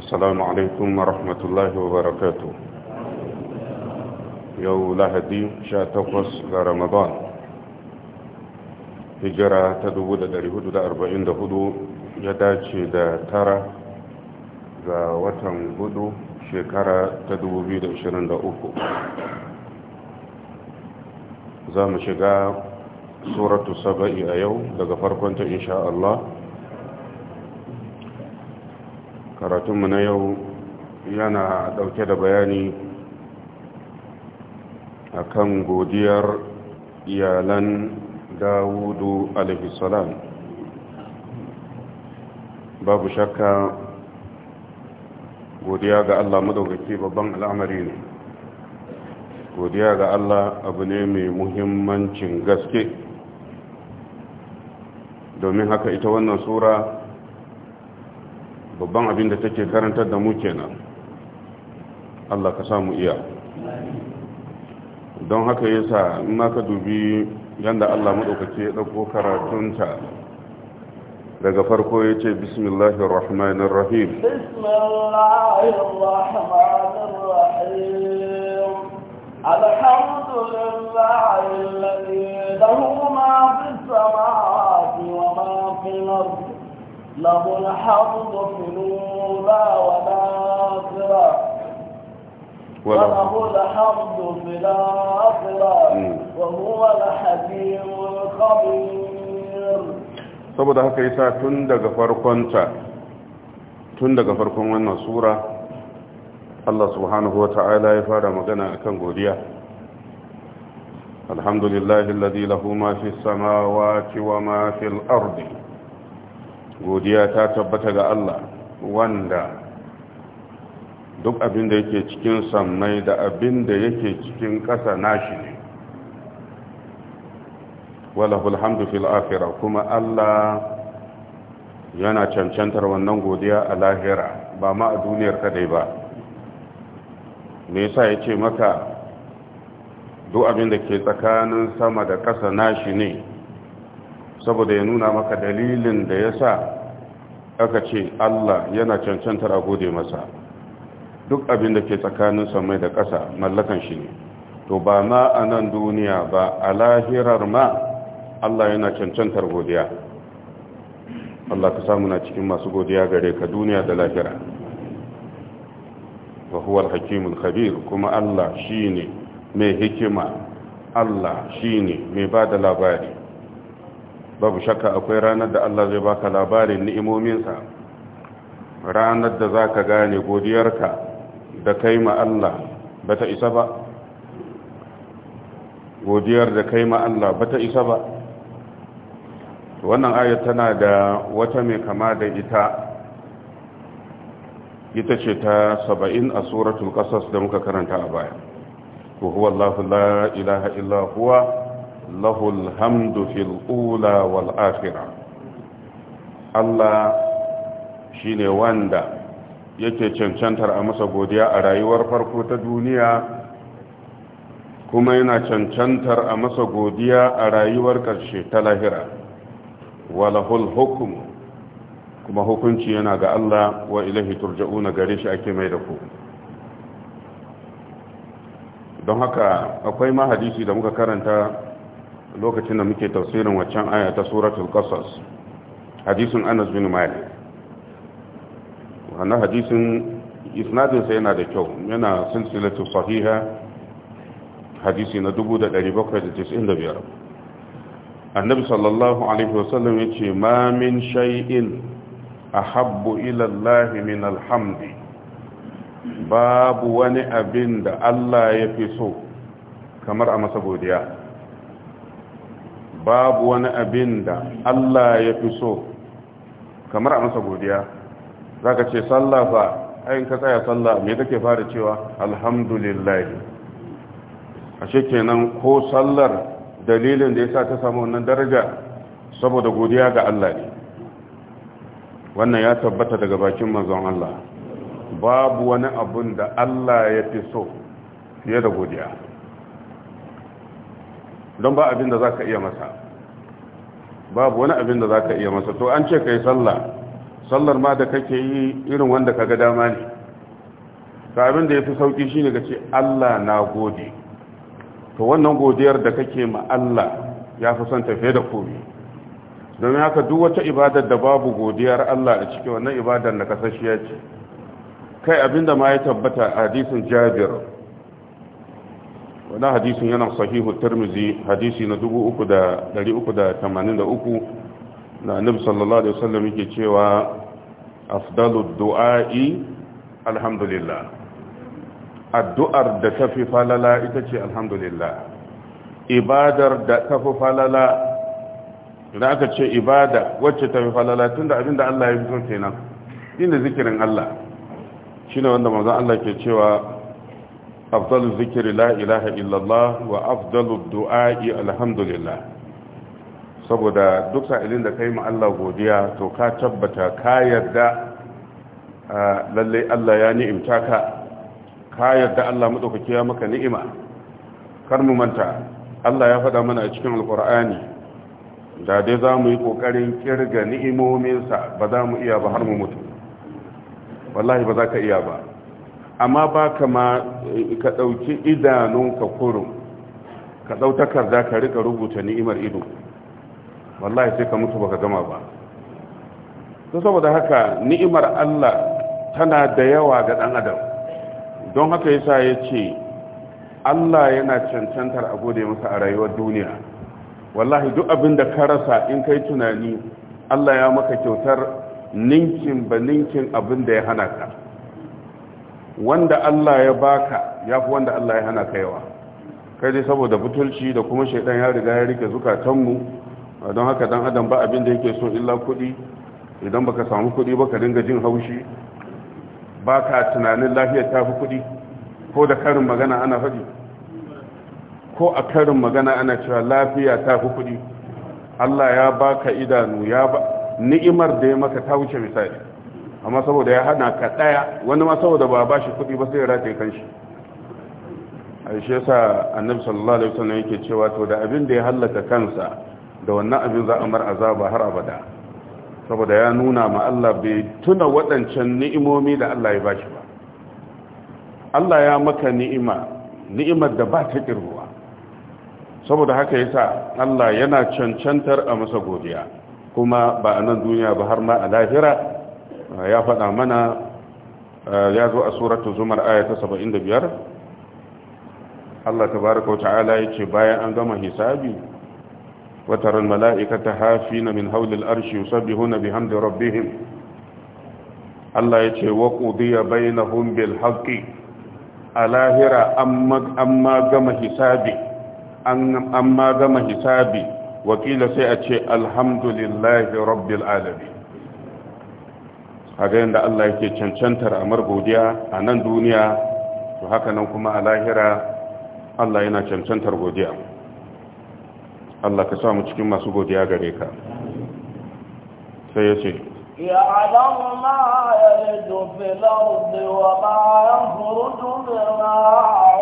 السلام عليكم ورحمة الله وبركاته يو لهدي شاتقص لرمضان هجرة تدوب دا رهود دا أربعين دا هدو يداتي دا ترى دا وطن هدو شكرة تدوب دا عشرين دا أكو زام شقا سورة سبعي أيو دا فرقنت إن شاء الله karatunmu na yau yana dauke da bayani akan godiyar iyalan dawudu alaihissalam babu shakka godiya ga allah madaukaki babban al'amari ne godiya ga allah abu ne mai muhimmancin gaske domin haka ita wannan sura babban abin da take karantar da mu kenan Allah ka samu iya don haka yasa in ma ka dubi yanda Allah madaukake ya ɗauko karatunta daga farko ya ce bismillahir rahmanir rahim له الحمد في الأولى والآخرة وله الحمد في الآخرة وهو الحكيم الخبير saboda haka yasa tun daga farkon wannan sura Allah subhanahu wa ta'ala ya fara magana kan godiya alhamdulillahi alladhi lahu ma fi wa ardi godiya ta tabbata ga Allah wanda duk abin da yake cikin sammai da abin da yake cikin ƙasa nashi ne walahul hamdu fil akhirah kuma Allah yana cancantar wannan godiya a lahira ba ma a duniyar kadai ba me yasa yace maka duk abin da ke tsakanin sama da ƙasa nashi ne saboda ya nuna maka dalilin da ya sa aka ce Allah yana cancantar a gode masa duk abin da ke tsakanin samai da ƙasa mallakan shi ne to ba ma a nan duniya ba a lahirar ma Allah yana cancantar godiya Allah ka samu na cikin masu godiya gare ka duniya da lahira wa huwa al-hakimul khabir kuma Allah shine mai hikima Allah shine mai ba da labari babu shakka akwai ranar da Allah zai baka labarin ni'imominsa ranar da za ka gane godiyarka da kai ma Allah ba ta isa ba godiyar da kai ma Allah ba ta isa ba wannan ayat tana da wata mai kama da ita ita ce ta saba'in a suratul ƙasas da muka karanta a baya ko huwa Allah la ilaha illa huwa له الحمد في الأولى والآخرة الله shine wanda yake cancantar a masa godiya a rayuwar farko ta duniya kuma yana cancantar a masa godiya a rayuwar ƙarshe ta lahira walahul hukum kuma hukunci yana ga Allah wa ilahi turja'una gare shi ake mai da ku don haka akwai ma hadisi da muka karanta lokacin da muke tafsirin waccan aya ta suratul qasas hadisin Anas bin Malik wannan hadisin isnadin sa yana da kyau yana silsilatu sahiha hadisi na 1795 annabi sallallahu alaihi wasallam yace ma min shay'in ahabbu ila Allah min alhamdi babu wani abin da Allah ya fi so kamar a masa godiya babu wani abin da Allah ya fi so kamar a masa godiya za ka ce sallah ba ayin ka tsaya sallah mai take fara cewa alhamdulillahi ashe kenan ko sallar dalilin da ya sa ta samu wannan daraja saboda godiya ga Allah ne wannan ya tabbata daga bakin manzon Allah babu wani abun da Allah ya fi so fiye da godiya don ba abin da za ka iya masa babu wani abin da za ka iya masa to an ce ka yi sallah sallar ma da kake yi irin wanda ka ga dama ne ka abin da ya fi sauki shi ne ga ce allah na gode to wannan godiyar da kake ma allah ya fi son tafiye da komi domin haka duk wata ibadar da babu godiyar allah a cikin wannan ibadar na kasashiyar ce kai abin da ma ya tabbata a hadisin jabir wani hadisin yana sahihu tirmizi hadisi na 383 na annabi sallallahu alaihi wasallam yake cewa afdalu du'a'i alhamdulillah addu'ar da tafi falala ita ce alhamdulillah ibadar da tafi falala idan aka ce ibada wacce tafi falala tunda abinda Allah ya fi son kenan shine zikirin Allah shine wanda manzon Allah ke cewa afdalu zikiri la ilaha illallah wa afdalu du'a'i alhamdulillah saboda duk sa'ilin da ka ma Allah godiya to ka tabbata ka yarda lalle Allah ya ni'imta ka ka yarda Allah madaukaki ya maka ni'ima kar mu manta Allah ya faɗa mana a cikin alkur'ani da dai za mu yi ƙoƙarin ƙirga ni'imominsa ba za mu iya ba har mu mutu wallahi ba za ka iya ba amma ba kama eh, ka ɗauki idanunka kurun ka ɗau takarda ka rika rubuta ni'imar ido wallahi sai ka mutu ba ka gama ba ta saboda haka ni'imar Allah tana da yawa ga ɗan adam don haka yasa ya ce Allah yana cancantar a gode masa a rayuwar duniya wallahi duk abin da ka rasa in kai tunani Allah ya maka kyautar ninkin ba ninkin abin da ya hana ka wanda Allah ya baka ya fi wanda Allah ya hana kaiwa kai dai saboda butulci da kuma shaidan ya riga ya rike zukatanmu don haka dan adam ba abin da yake so illa kuɗi idan baka samu kuɗi ba ka dinga jin haushi baka tunanin lafiyar ta fi kuɗi ko da karin magana ana faɗi ko a karin magana ana cewa lafiya ta fi kuɗi Allah ya baka idanu ya ba ni'imar da ya maka ta wuce misali amma saboda ya hana ka daya wani ma saboda ba ba shi kuɗi ba sai ya rataye kanshi a shi yasa annabi sallallahu alaihi wasallam yake cewa to da abin da ya hallaka kansa da wannan abin za a mar azaba har abada saboda ya nuna ma Allah bai tuna waɗancan ni'imomi da Allah ya bashi ba Allah ya maka ni'ima ni'imar da ba ta kirwa saboda haka yasa Allah yana cancantar a masa godiya kuma ba a nan duniya ba har ma a lahira ya faɗa mana eh, ya zo a suratu zumar aya ta 75 Allah ta tabaraka wata'ala ya ce bayan an gama hisabi wataran hafi na min haulil arshi yusabbihuna bihamdi rabbihim Allah ya ce wa bai na bil haqqi a lahira amma gama hisabi amma gama hisabi wakila sai a ce alhamdulillahi rabbil alamin A ga yadda Allah yake cancantar amar godiya a nan duniya to haka nan kuma a lahira Allah yana cancantar godiya Allah ka samu cikin masu godiya gare ka sai ya ce يعلم ما يلد في الأرض وما يخرج منها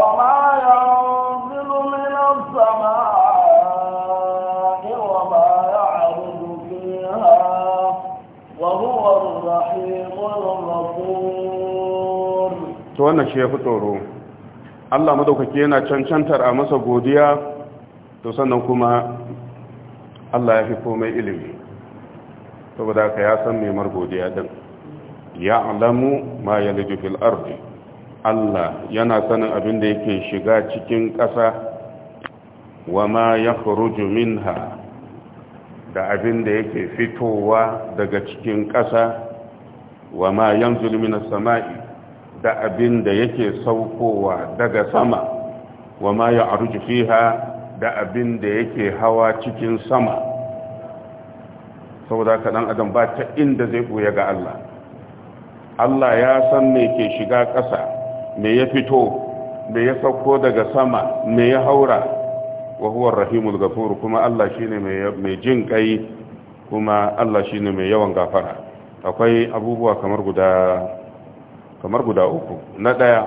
وما ينزل من السماء to wannan shi ya fi tsoro allah madaukake yana cancantar a masa godiya to sannan kuma allah ya fi komai ilimi saboda ka ya san memar godiya din ya alamu ma ya fil ardi allah yana sanin abin da yake shiga cikin ƙasa wa ma ya minha da abin da yake fitowa daga cikin ƙasa wa ma yanzu minas sama'i da abin da yake saukowa daga sama wa ma ya fiha da abin da yake hawa cikin sama saboda ka dan adam ba ta inda zai buya ga Allah Allah ya san me ke shiga ƙasa me ya fito me ya sauko daga sama me ya haura wa huwa rahimul ghafur kuma Allah shine mai jin kai kuma Allah shine mai yawan gafara akwai abubuwa kamar guda kamar guda uku na ɗaya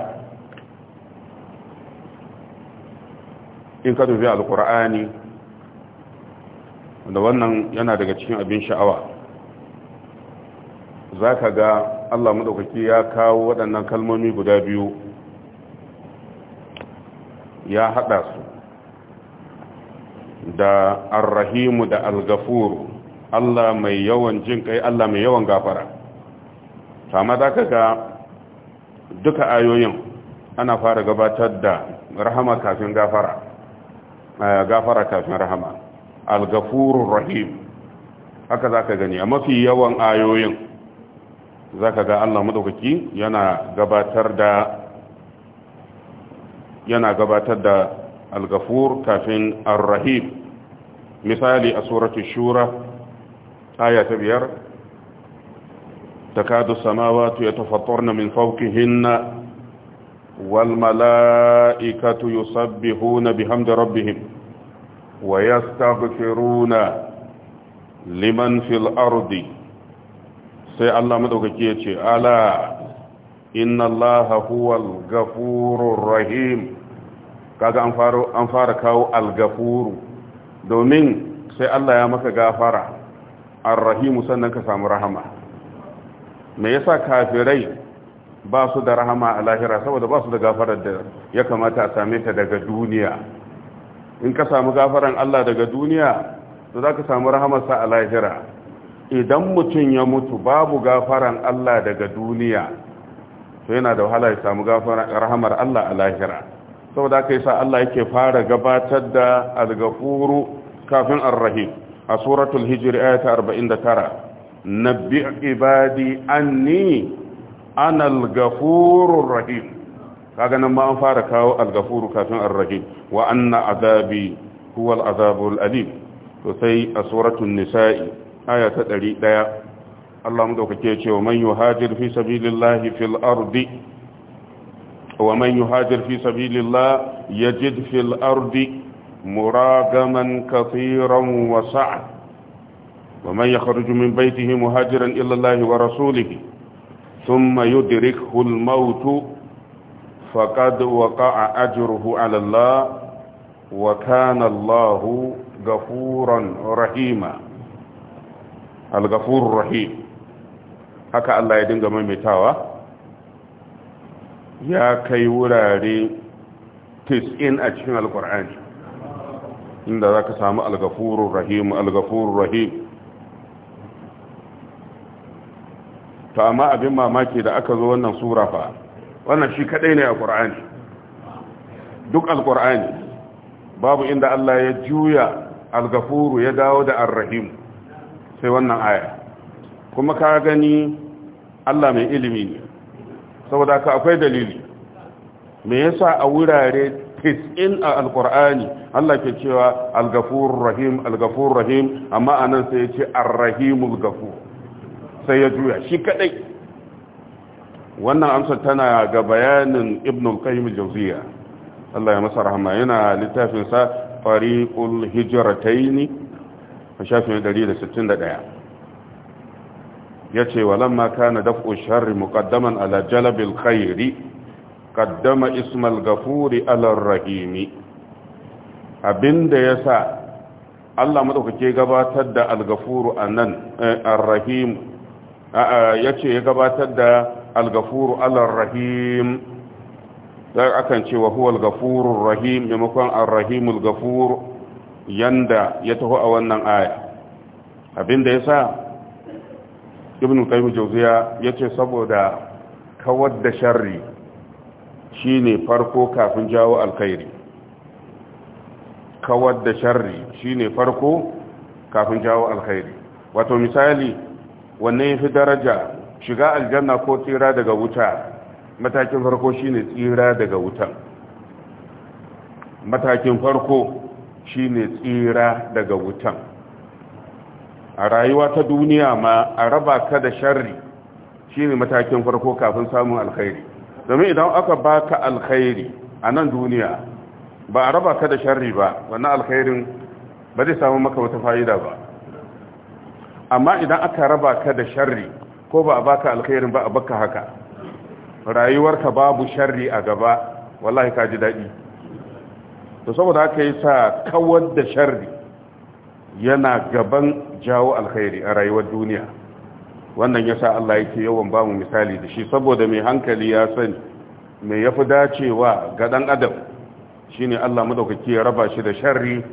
in ka dubi alkur'ani da wannan yana daga cikin abin sha'awa za ka ga allah maɗaukaki ya kawo waɗannan kalmomi guda biyu ya haɗa su da arrahimu da algafuru allah mai yawan jin kai allah mai yawan gafara sama za ka ga duka ayoyin ana fara gabatar da rahama kafin gafara eh, gafara kafin rahama al-gafurur rahim haka zaka gani a mafi yawan ayoyin zaka ga Allah madaukaki yana gabatar da yana gabatar da al-gafur kafin ar-rahim misali a suratul shura aya ta biyar تكاد السماوات يتفطرن من فوقهن والملائكة يسبحون بحمد ربهم ويستغفرون liman fil ardi sai Allah madaukake ya ce ala inna allaha huwal rahim kaga an faro an fara kawo al gafuru domin sai Allah ya maka gafara arrahimu rahimu sannan ka samu rahama me yasa kafirai ba su da rahama a lahira saboda ba su da gafarar da ya kamata a same ta daga duniya in ka samu gafaran Allah daga duniya to za ka samu rahamarsa a lahira idan mutum ya mutu babu gafaran Allah daga duniya to yana da wahala ya samu rahamar Allah a lahira saboda ka sa Allah yake fara gabatar da algafuru kafin arrahim a suratul hijri ayata 49 nabbi ibadi anni ana al-ghafurur rahim kaga nan ma an fara kawo al-ghafuru kafin ar-rahim wa anna azabi huwa al-azabul alim to sai a suratul nisa'i aya ta 101 Allah mu dauke cewa man yuhajir fi sabilillahi fil ardi wa man yuhajir fi sabilillahi yajid fil ardi muragaman kathiran wa sa'a ومن يخرج من بيته مهاجرا إلى الله ورسوله ثم يدركه الموت فقد وقع أجره على الله وكان الله غفورا رحيما الغفور الرحيم haka Allah ya dinga maimaitawa ya kai wurare tis'in a cikin alkur'ani inda za ka samu algafurur rahim rahim to amma abin mamaki da aka zo wannan sura fa wannan shi kadai ne a qur'ani duk alqur'ani babu inda Allah ya juya al gafuru ya dawo da ar-rahim sai wannan aya kuma ka gani Allah mai ilimi ne saboda ka akwai dalili me yasa a wurare 90 a alqur'ani Allah ke cewa al-ghafurur rahim al rahim amma anan sai ya ce ar-rahimul ghafur sai ya juya shi kadai wannan amsar tana ga bayanin ibn al-qayyim jawziya Allah ya masa rahama yana littafin sa fariqul hijratayn shafin 161 yace walamma kana daf'u sharri muqaddaman ala jalabil khairi qaddama ismal ghafuri ala rahimi abinda yasa Allah madaukake gabatar da al-ghafuru anan eh, ar-rahim ya ce ya gabatar da algafuru alarrahim da akan ce wa huwa algafurur rahim maimakon arrahimul gafur yanda ya taho a wannan aya abinda ya sa ibn qayyim jawziya yace saboda kawar da sharri shine farko kafin jawo alkhairi kawar da sharri shine farko kafin jawo alkhairi wato misali wannan ya fi daraja shiga aljanna ko tsira daga wuta matakin farko shine tsira daga wutan matakin farko shine tsira daga wutan a rayuwa ta duniya ma a raba ka da sharri shine matakin farko kafin samun alkhairi domin idan aka baka alkhairi a nan duniya ba a raba ka da sharri ba wannan alkhairin ba zai samu maka wata fa'ida ba amma idan aka raba ka da sharri ko ba a baka alkhairin ba a baka haka rayuwarka babu sharri a gaba wallahi ka ji daɗi to saboda haka yi sa kawar da sharri yana gaban jawo alkhairi a rayuwar duniya wannan yasa Allah yake yawan ba mu misali da shi saboda mai hankali ya sani mai yafi dacewa ga adam shine Allah madaukake ya raba shi da sharri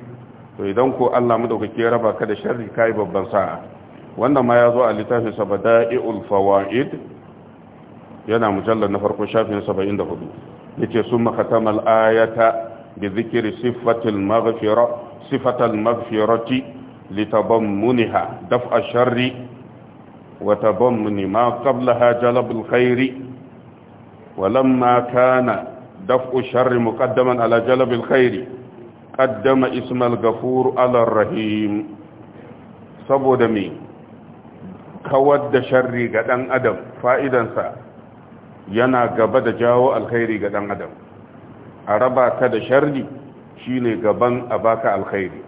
to idan ko Allah madaukake ya raba ka da sharri kai babban sa'a wannan ma ya zo a littafin sa bada'i'ul fawaid yana mujallar na farko shafin 74 yace summa khatamal ayata bi dhikri sifatil maghfira sifatal maghfirati litabammunha daf'a sharri wa tabammuni ma qablaha jalabul khairi ولما كان دفع الشر مقدما على جلب الخير قدم اسم الغفور على الرحيم saboda me kawar da sharri ga ɗan adam fa'idansa yana gaba da jawo alkhairi ga ɗan adam a raba ka da sharri ne gaban a baka alkhairi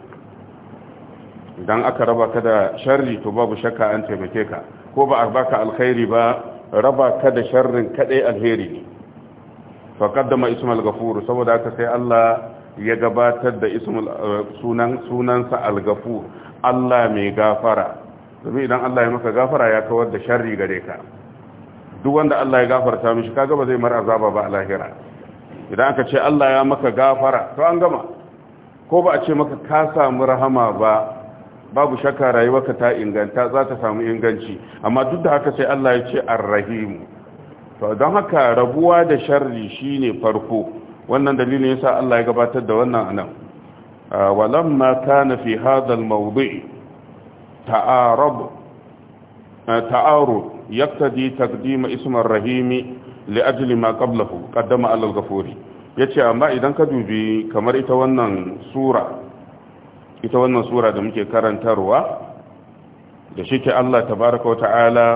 don aka raba ka da sharri to babu shakka an taimake ka ko ba a baka alkhairi ba raba ka da sharrin kaɗai alheri ne kaddama ismail gafuru saboda haka sai Allah ya gabatar da eh, sunan sunansa al Allah mai gafara domin idan Allah ya maka gafara ya kawar da sharri gare ka duk wanda Allah ya gafarta mishi kaga ba zai mar azaba ba a lahira idan aka ce Allah ya maka gafara to an gama ko ba a ce maka ka samu rahama ba babu shakka rayuwarka ta inganta za ta samu inganci amma duk da haka sai Allah ya ce arrahimu to don haka rabuwa da sharri shine farko wannan dalilin yasa Allah ya gabatar da wannan anan walamma kana fi hadha al-mawdi' ta'arub ta'arub yaktadi taqdima ismar rahimi li ajli ma qablahu qaddama ala yace amma idan ka dubi kamar ita wannan sura ita wannan sura da muke karantarwa da shi Allah tabaraka ta'ala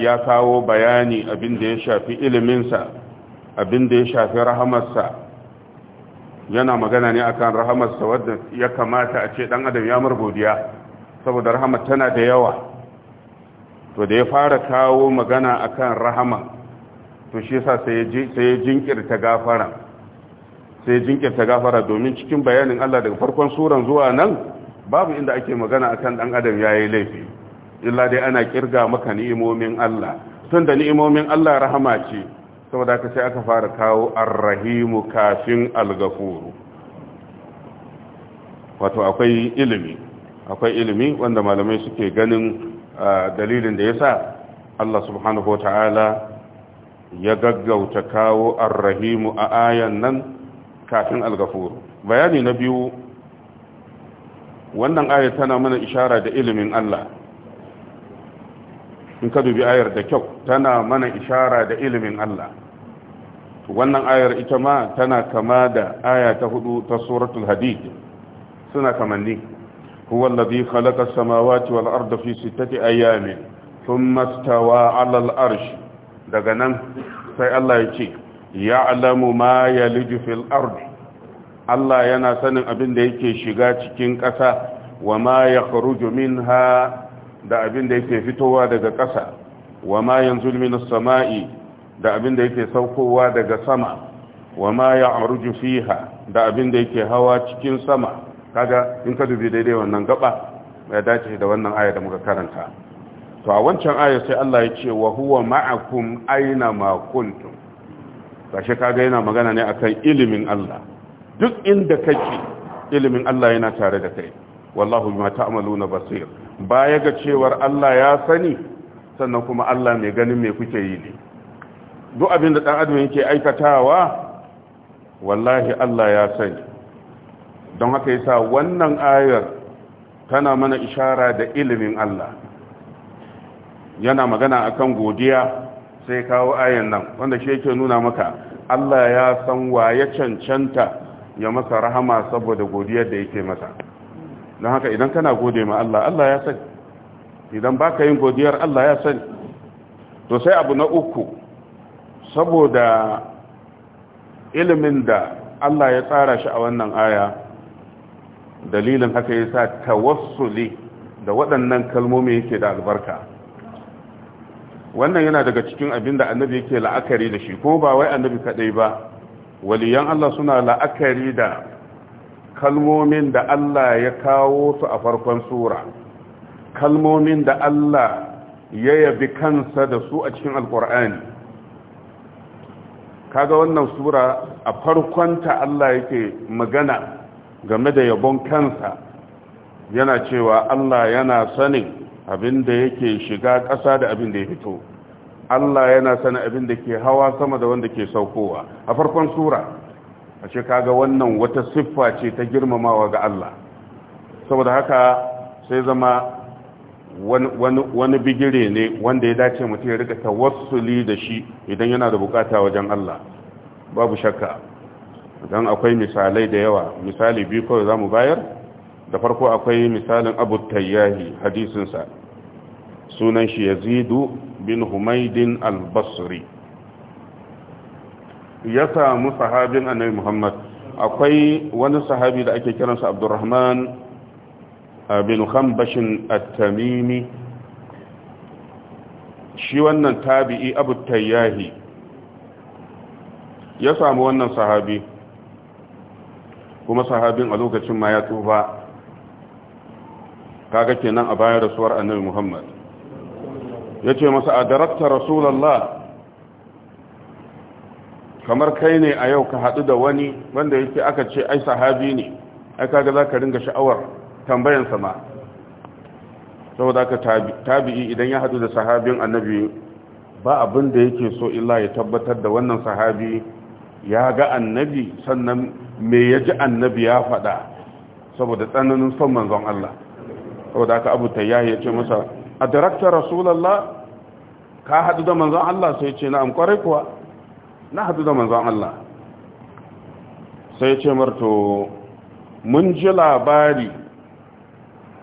ya kawo bayani abin da ya shafi iliminsa abin da ya shafi rahamarsa yana magana ne akan rahamarsa wadda ya kamata a ce dan adam ya godiya saboda rahama tana da yawa to da ya fara kawo magana akan rahama to shi yasa sai ya jinkirta gafara sai jinkirta gafara domin cikin bayanin Allah daga farkon suran zuwa nan babu inda ake magana akan dan adam yayi laifi illa dai ana kirga maka ni'imomin Allah tunda ni'imomin Allah rahama ce saboda ka sai aka fara kawo arrahimu kafin algafuru wato akwai ilimi akwai ilimi wanda malamai suke ganin dalilin da ya sa Allah subhanahu wa ta'ala ya gaggauta kawo arrahimu a ayan nan kafin algafuru bayani na biyu wannan aya tana mana ishara da ilimin Allah in ka dubi ayar da kyau tana mana ishara da ilimin Allah wannan ayar ita ma tana kama da aya ta hudu ta suratul hadid suna kamanni huwa alladhi khalaqa samawati wal arda fi sittati ayamin thumma istawa 'ala al-arsh daga nan sai Allah ya ce ya'lamu ma yaliju fil ardi Allah yana sanin abin da yake shiga cikin ƙasa wa ma yakhruju minha da abin da yake fitowa daga ƙasa wa ma yanzul sama'i da abin da yake saukowa daga sama wa ma ya'ruju fiha da abin da yake hawa cikin sama kaga in ka dubi daidai wannan gaba ya dace da wannan aya da muka karanta to a wancan aya sai Allah ya ce wa huwa ma'akum aina ma kuntum kashi kaga yana magana ne akan ilimin Allah duk inda kake ilimin Allah yana tare da kai wallahu bima ta'maluna basir baya ga cewar Allah ya sani sannan kuma Allah mai ganin me kuke yi ne duk abin da dan adam yake aikatawa wallahi Allah ya sani don haka yasa wannan ayar tana mana ishara da ilimin Allah yana magana akan godiya sai kawo ayan nan wanda shi yake nuna maka Allah ya san wa cancanta ya masa rahama saboda godiyar da yake masa don haka idan kana gode ma Allah Allah ya sani idan baka yin godiyar Allah ya sani to sai abu na uku saboda ilimin da Allah ya tsara shi a wannan aya dalilin haka ya sa tawassuli da waɗannan kalmomi yake da albarka wannan yana daga cikin abin da annabi yake la'akari da shi ko ba wai annabi kaɗai ba waliyan Allah suna la'akari da kalmomin da Allah ya kawo su a farkon sura kalmomin da Allah ya yabi kansa da su a cikin alkur'ani kaga wannan sura a farkonta Allah yake magana game da yabon kansa yana cewa Allah yana sanin abin da yake shiga ƙasa da abin da ya fito Allah yana sanin abin da ke hawa sama da wanda ke saukowa a farkon sura a ce kaga wannan wata siffa ce ta girmamawa ga Allah saboda haka sai zama wani bigire ne wanda ya dace mutum ya rika tawassuli da shi idan yana da bukata wajen Allah babu shakka don akwai misalai da yawa misali biyu kawai za mu bayar da farko akwai misalin abu tayyahi hadisinsa sunan shi yazidu bin humaidin al ya samu sahabin annabi muhammad akwai wani sahabi da ake kiransa abdurrahman ah, bin khambashin at-tamimi shi wannan tabi'i abu tayyahi ya samu wannan sahabi kuma sahabin a lokacin ma ya tuba kaga kenan a bayan rasuwar annabi muhammad ya ce masa a darakta rasulallah kamar kai ne a yau ka haɗu da wani wanda yake aka ce ai sahabi ne ai kaga za ka ringa sha'awar tambayansa ma saboda aka tabi'i idan ya haɗu da sahabin annabi ba abin da yake so illa ya tabbatar da wannan sahabi ya ga annabi sannan me ya ji annabi ya faɗa saboda tsananin son manzon Allah saboda aka abu tayyahi ya ce masa a daraktar rasulallah ka haɗu da manzon Allah sai ce na'am kwarai kuwa na hadu da manzan Allah sai ce marto mun ji labari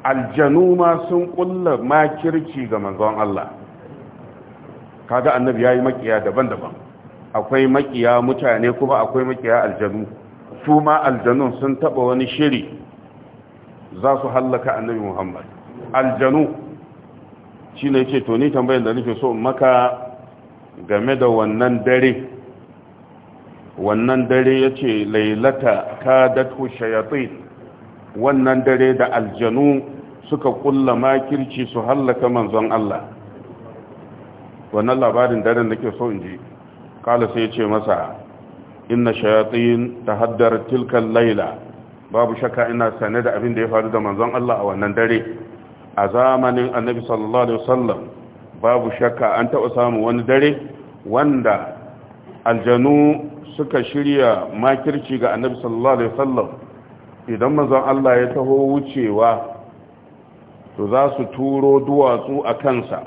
aljanu ma sun ƙulla makirci ga manzon Allah kaga annabi yayi makiya daban-daban akwai makiya mutane kuma akwai makiya aljanu su ma aljanun sun taba wani shiri za su hallaka annabi Muhammad aljanu ne ce to ni tambayar da nake so maka game da wannan dare wannan dare ya ce lailata ta datu shayatin wannan dare da aljanu suka kulla makirci su hallaka manzon Allah wannan labarin daren da ke so in ji kala sai ce masa inna shayatin ta haddar tilkan laila babu shakka ina sane da abin da ya faru da manzon Allah a wannan dare a zamanin annabi sallallahu alaihi wasallam babu shakka an taɓa samun wani dare wanda aljanu suka shirya makirci ga annabi sallallahu alaihi wasallam idan mazan Allah ya taho wucewa to za su turo duwatsu a kansa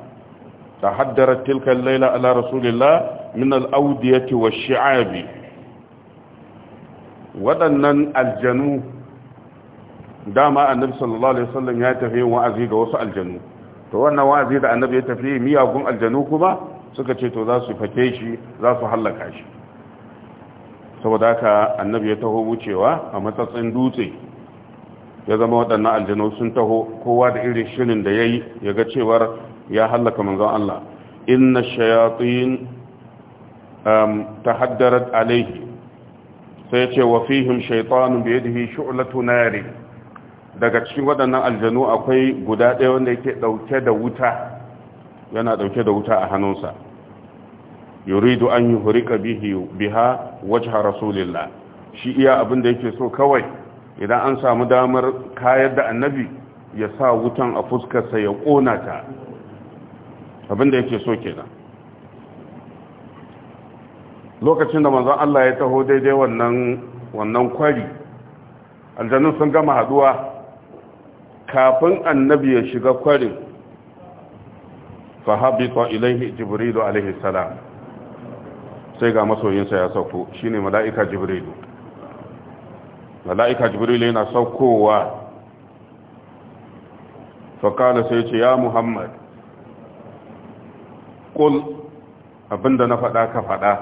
ta haddara tilkan laila ala rasulillah min al'audiyati wa shi'abi waɗannan aljanu dama annabi sallallahu alaihi wasallam ya tafi wa'azi ga wasu aljanu to wannan wa'azi da annabi ya tafi miyagun aljanu kuma suka ce to za su fake shi za su hallaka shi saboda haka annabi ya taho wucewa a matsatsin dutse ya zama waɗannan aljanu sun taho kowa da irin shirin da ya yi ya ga cewar ya hallaka manzon Allah inna shayatin um, ta alaihi sai ce wa fihim shaitanun bai yadihi shu'latu nari daga cikin waɗannan aljanu akwai guda ɗaya wanda yake ɗauke da wuta yana ɗauke da wuta a hannunsa yuridu an yi hurika biha wajha rasulillah shi iya abin da yake so kawai idan an samu damar kayar da annabi ya sa wutan a fuskarsa ya kona ta abin da yake so kenan lokacin da manzon Allah ya taho daidai wannan wannan kwari aljannu sun gama haduwa kafin annabi ya shiga kwarin fa habita ilaihi jibrilu alaihi salam sai ga masoyinsa ya sauko shine mala'ika jibrilu mala'ika jibrilu yana saukowa faƙala sai ce ya muhammad ƙul abinda na faɗa ka faɗa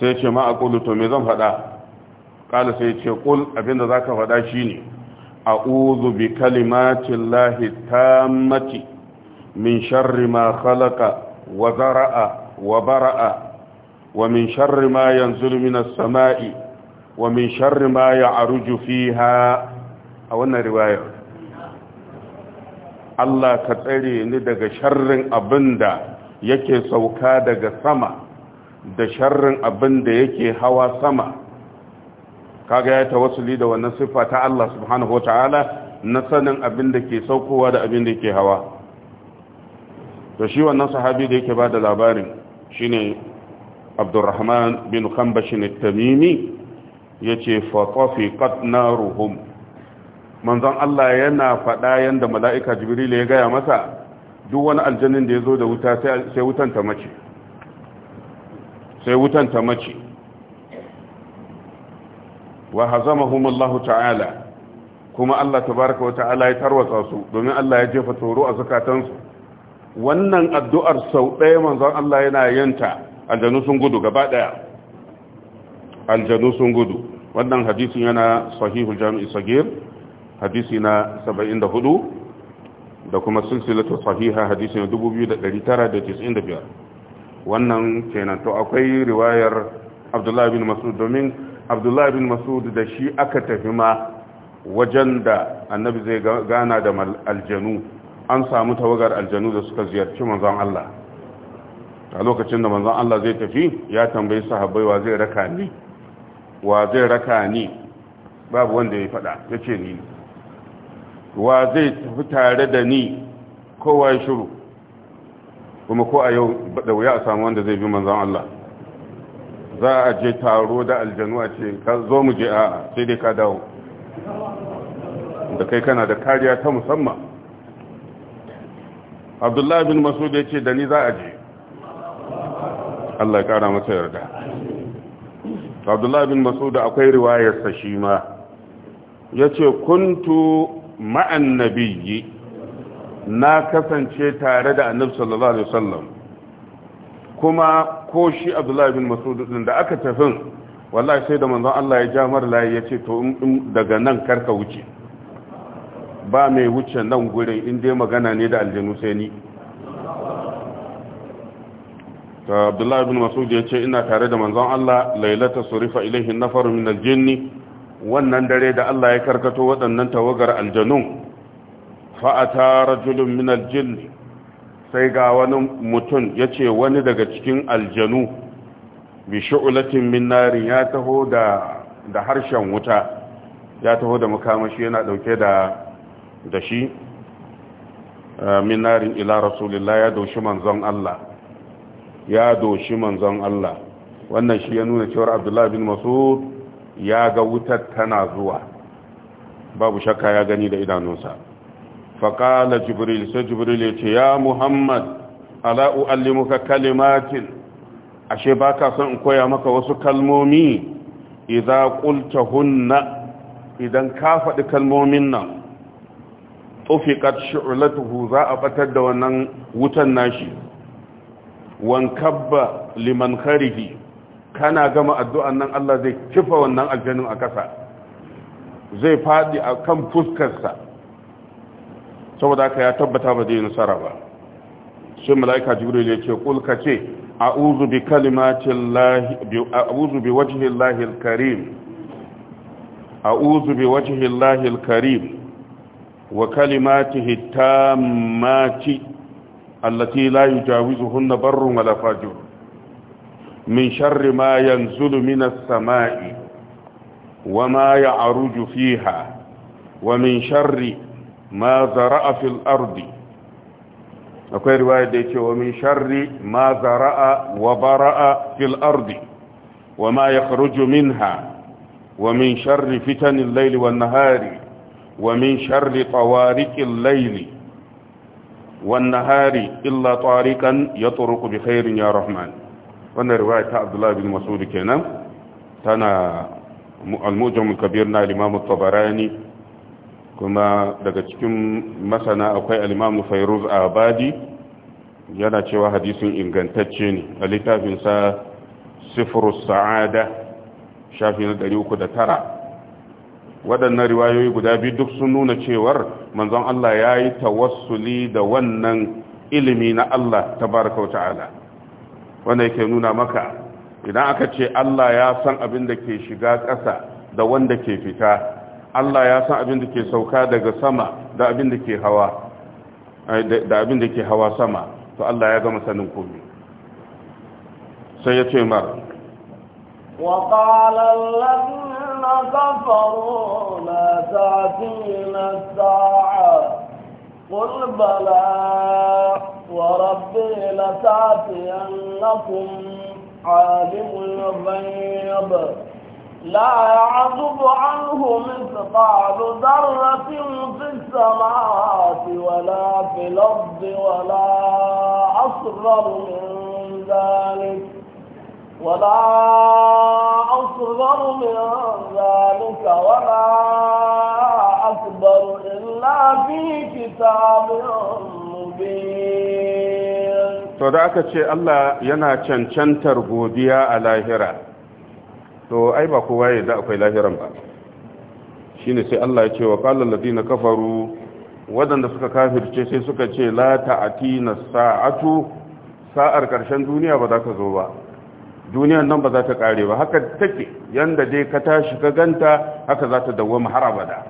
sai ce ma a to me zan faɗa ƙala sai ce ƙul abinda za ka faɗa shi ne a uzu bi kalimatin lahi ta mati min sharri ma halaka wa zara'a وبرأ ومن شر ما ينزل من السماء ومن شر ما يعرج فيها أولنا رواية Allah ka tsare ni daga sharrin abin da yake sauka daga sama da sharrin abin da yake hawa sama kaga ya tawassuli da wannan siffa ta Allah subhanahu wataala na sanin abin da ke saukowa da abin da ke hawa to shi wannan sahabi da yake bada labarin shine abdurrahman bin kambashin tamimi ya ce fatafiqat naruhum manzon Allah yana faɗa yanda mala'ika jibril ya gaya masa duk wani aljanin da ya zo da wuta sai wutan ta mace sai wutan ta mace wa hazamahum Allah ta'ala kuma Allah baraka wa ta'ala ya tarwatsa su domin Allah ya jefa tsoro a zukatansu. wannan addu'ar sau ɗaya manzon Allah yana yanta aljanu sun gudu gaba ɗaya aljanu sun gudu wannan hadisin yana sahihul jami'i sagir hadisi na 74 da kuma silsilatu sahiha hadisi na 2995 wannan kenan to akwai riwayar abdullahi bin masud domin abdullahi bin masud da shi aka tafi ma wajen da annabi zai gana da aljanu an samu tawagar aljanu da suka ziyarci manzon Allah a lokacin da manzon Allah zai tafi ya tambayi sahabbai wa zai raka ni wa zai raka ni babu wanda ya faɗa yace ni wa zai tafi tare da ni kowa ya shiru kuma ko a yau da wuya a samu wanda zai bi manzon Allah za a je taro da aljanu a ce ka zo mu je a sai dai ka dawo da kai kana da kariya ta musamman abdullahi bin masud ya ce da ni za a je Allah ya kara masa yarda abdullahi bin masud akwai riwayarsa shi ma ya ce kuntu ma'an yi na kasance tare da annabi sallallahu alaihi wasallam kuma ko shi abdullahi bin masud din da aka tafin wallahi sai da manzon Allah ya ja mara layi ya ce to daga nan karka wuce ba mai wuce nan gurin in dai magana ne da aljanu sai ni ta abdullahi bin masud ya ce ina tare da manzon Allah lailata surifa ilaihi nafaru min aljinni wannan dare da Allah ya karkato waɗannan tawagar aljanun fa'ata rajulun min aljinni sai ga wani mutum ya ce wani daga cikin aljanu bi shu'latin min ya taho da da harshen wuta ya taho da makamashi yana dauke da da shi eh, Minarin ila rasulillah ya doshi manzon Allah ya doshi manzon Allah wannan shi ya nuna cewar abdullahi bin masud ya ga wutar tana zuwa babu shakka ya gani da idanunsa faƙala jibril sai jibril ya ce ya muhammad ala'u allimuka kalimatin ashe ba ka son in koya maka wasu kalmomi idan kulta hunna idan ka faɗi kalmomin nan tufiqat shu'latuhu za a batar da wannan wutan nashi wankabba liman kharihi kana gama addu'an nan Allah zai kifa wannan aljanin a ƙasa. zai faɗi a kan fuskarsa saboda haka ya tabbata ba zai nasara ba shi malaika jibril ya ce kul ce? a'udhu bi kalimatillahi a'udhu bi llahi alkarim a'udhu bi llahi alkarim وكلماته التامات التي لا يجاوزهن بر ولا فاجر من شر ما ينزل من السماء وما يعرج فيها ومن شر ما زرع في الأرض أقول رواية ديك ومن شر ما زرأ وبرأ في الأرض وما يخرج منها ومن شر فتن الليل والنهار ومن شر طوارق الليل والنهار إلا طارقا يطرق بخير يا رحمن وانا رواية عبد الله بن مسعود كنا تنا المؤجم الكبيرنا الإمام الطبراني كما دقتكم مثلا أقوي الإمام فيروز آبادي yana cewa hadisin ingantacce ne a littafinsa sifiru sa'ada shafi na 309 waɗannan riwayoyi guda biyu duk sun nuna cewar manzon Allah ya yi tawassuli da wannan ilimi na Allah ta wa ta'ala wanda yake nuna maka idan aka ce Allah ya san abin da ke shiga ƙasa da wanda ke fita Allah ya san abin da ke sauka daga sama da abin da ke hawa eh, sama to Allah ya gama sanin komai sai ya ce mar وقال الذين كفروا لا تعتين الساعة قل بلى وربي لتعتينكم عالم الغيب لا يعزب عنه مثقال ذرة في السماوات ولا في الأرض ولا أصغر من ذلك ولا أصغر من ذلك ولا أكبر إلا في كتاب to da aka ce Allah yana cancantar godiya a lahira to ai ba kowa ya da akwai lahiran ba shine sai Allah ya ce wa Ladi na kafaru waɗanda suka kafirce sai suka ce a ta'atina sa'atu sa'ar ƙarshen duniya ba za ta zo ba Duniyar nan ba za ta kare ba haka take yanda dai ka tashi ka ganta haka za ta dawwama har abada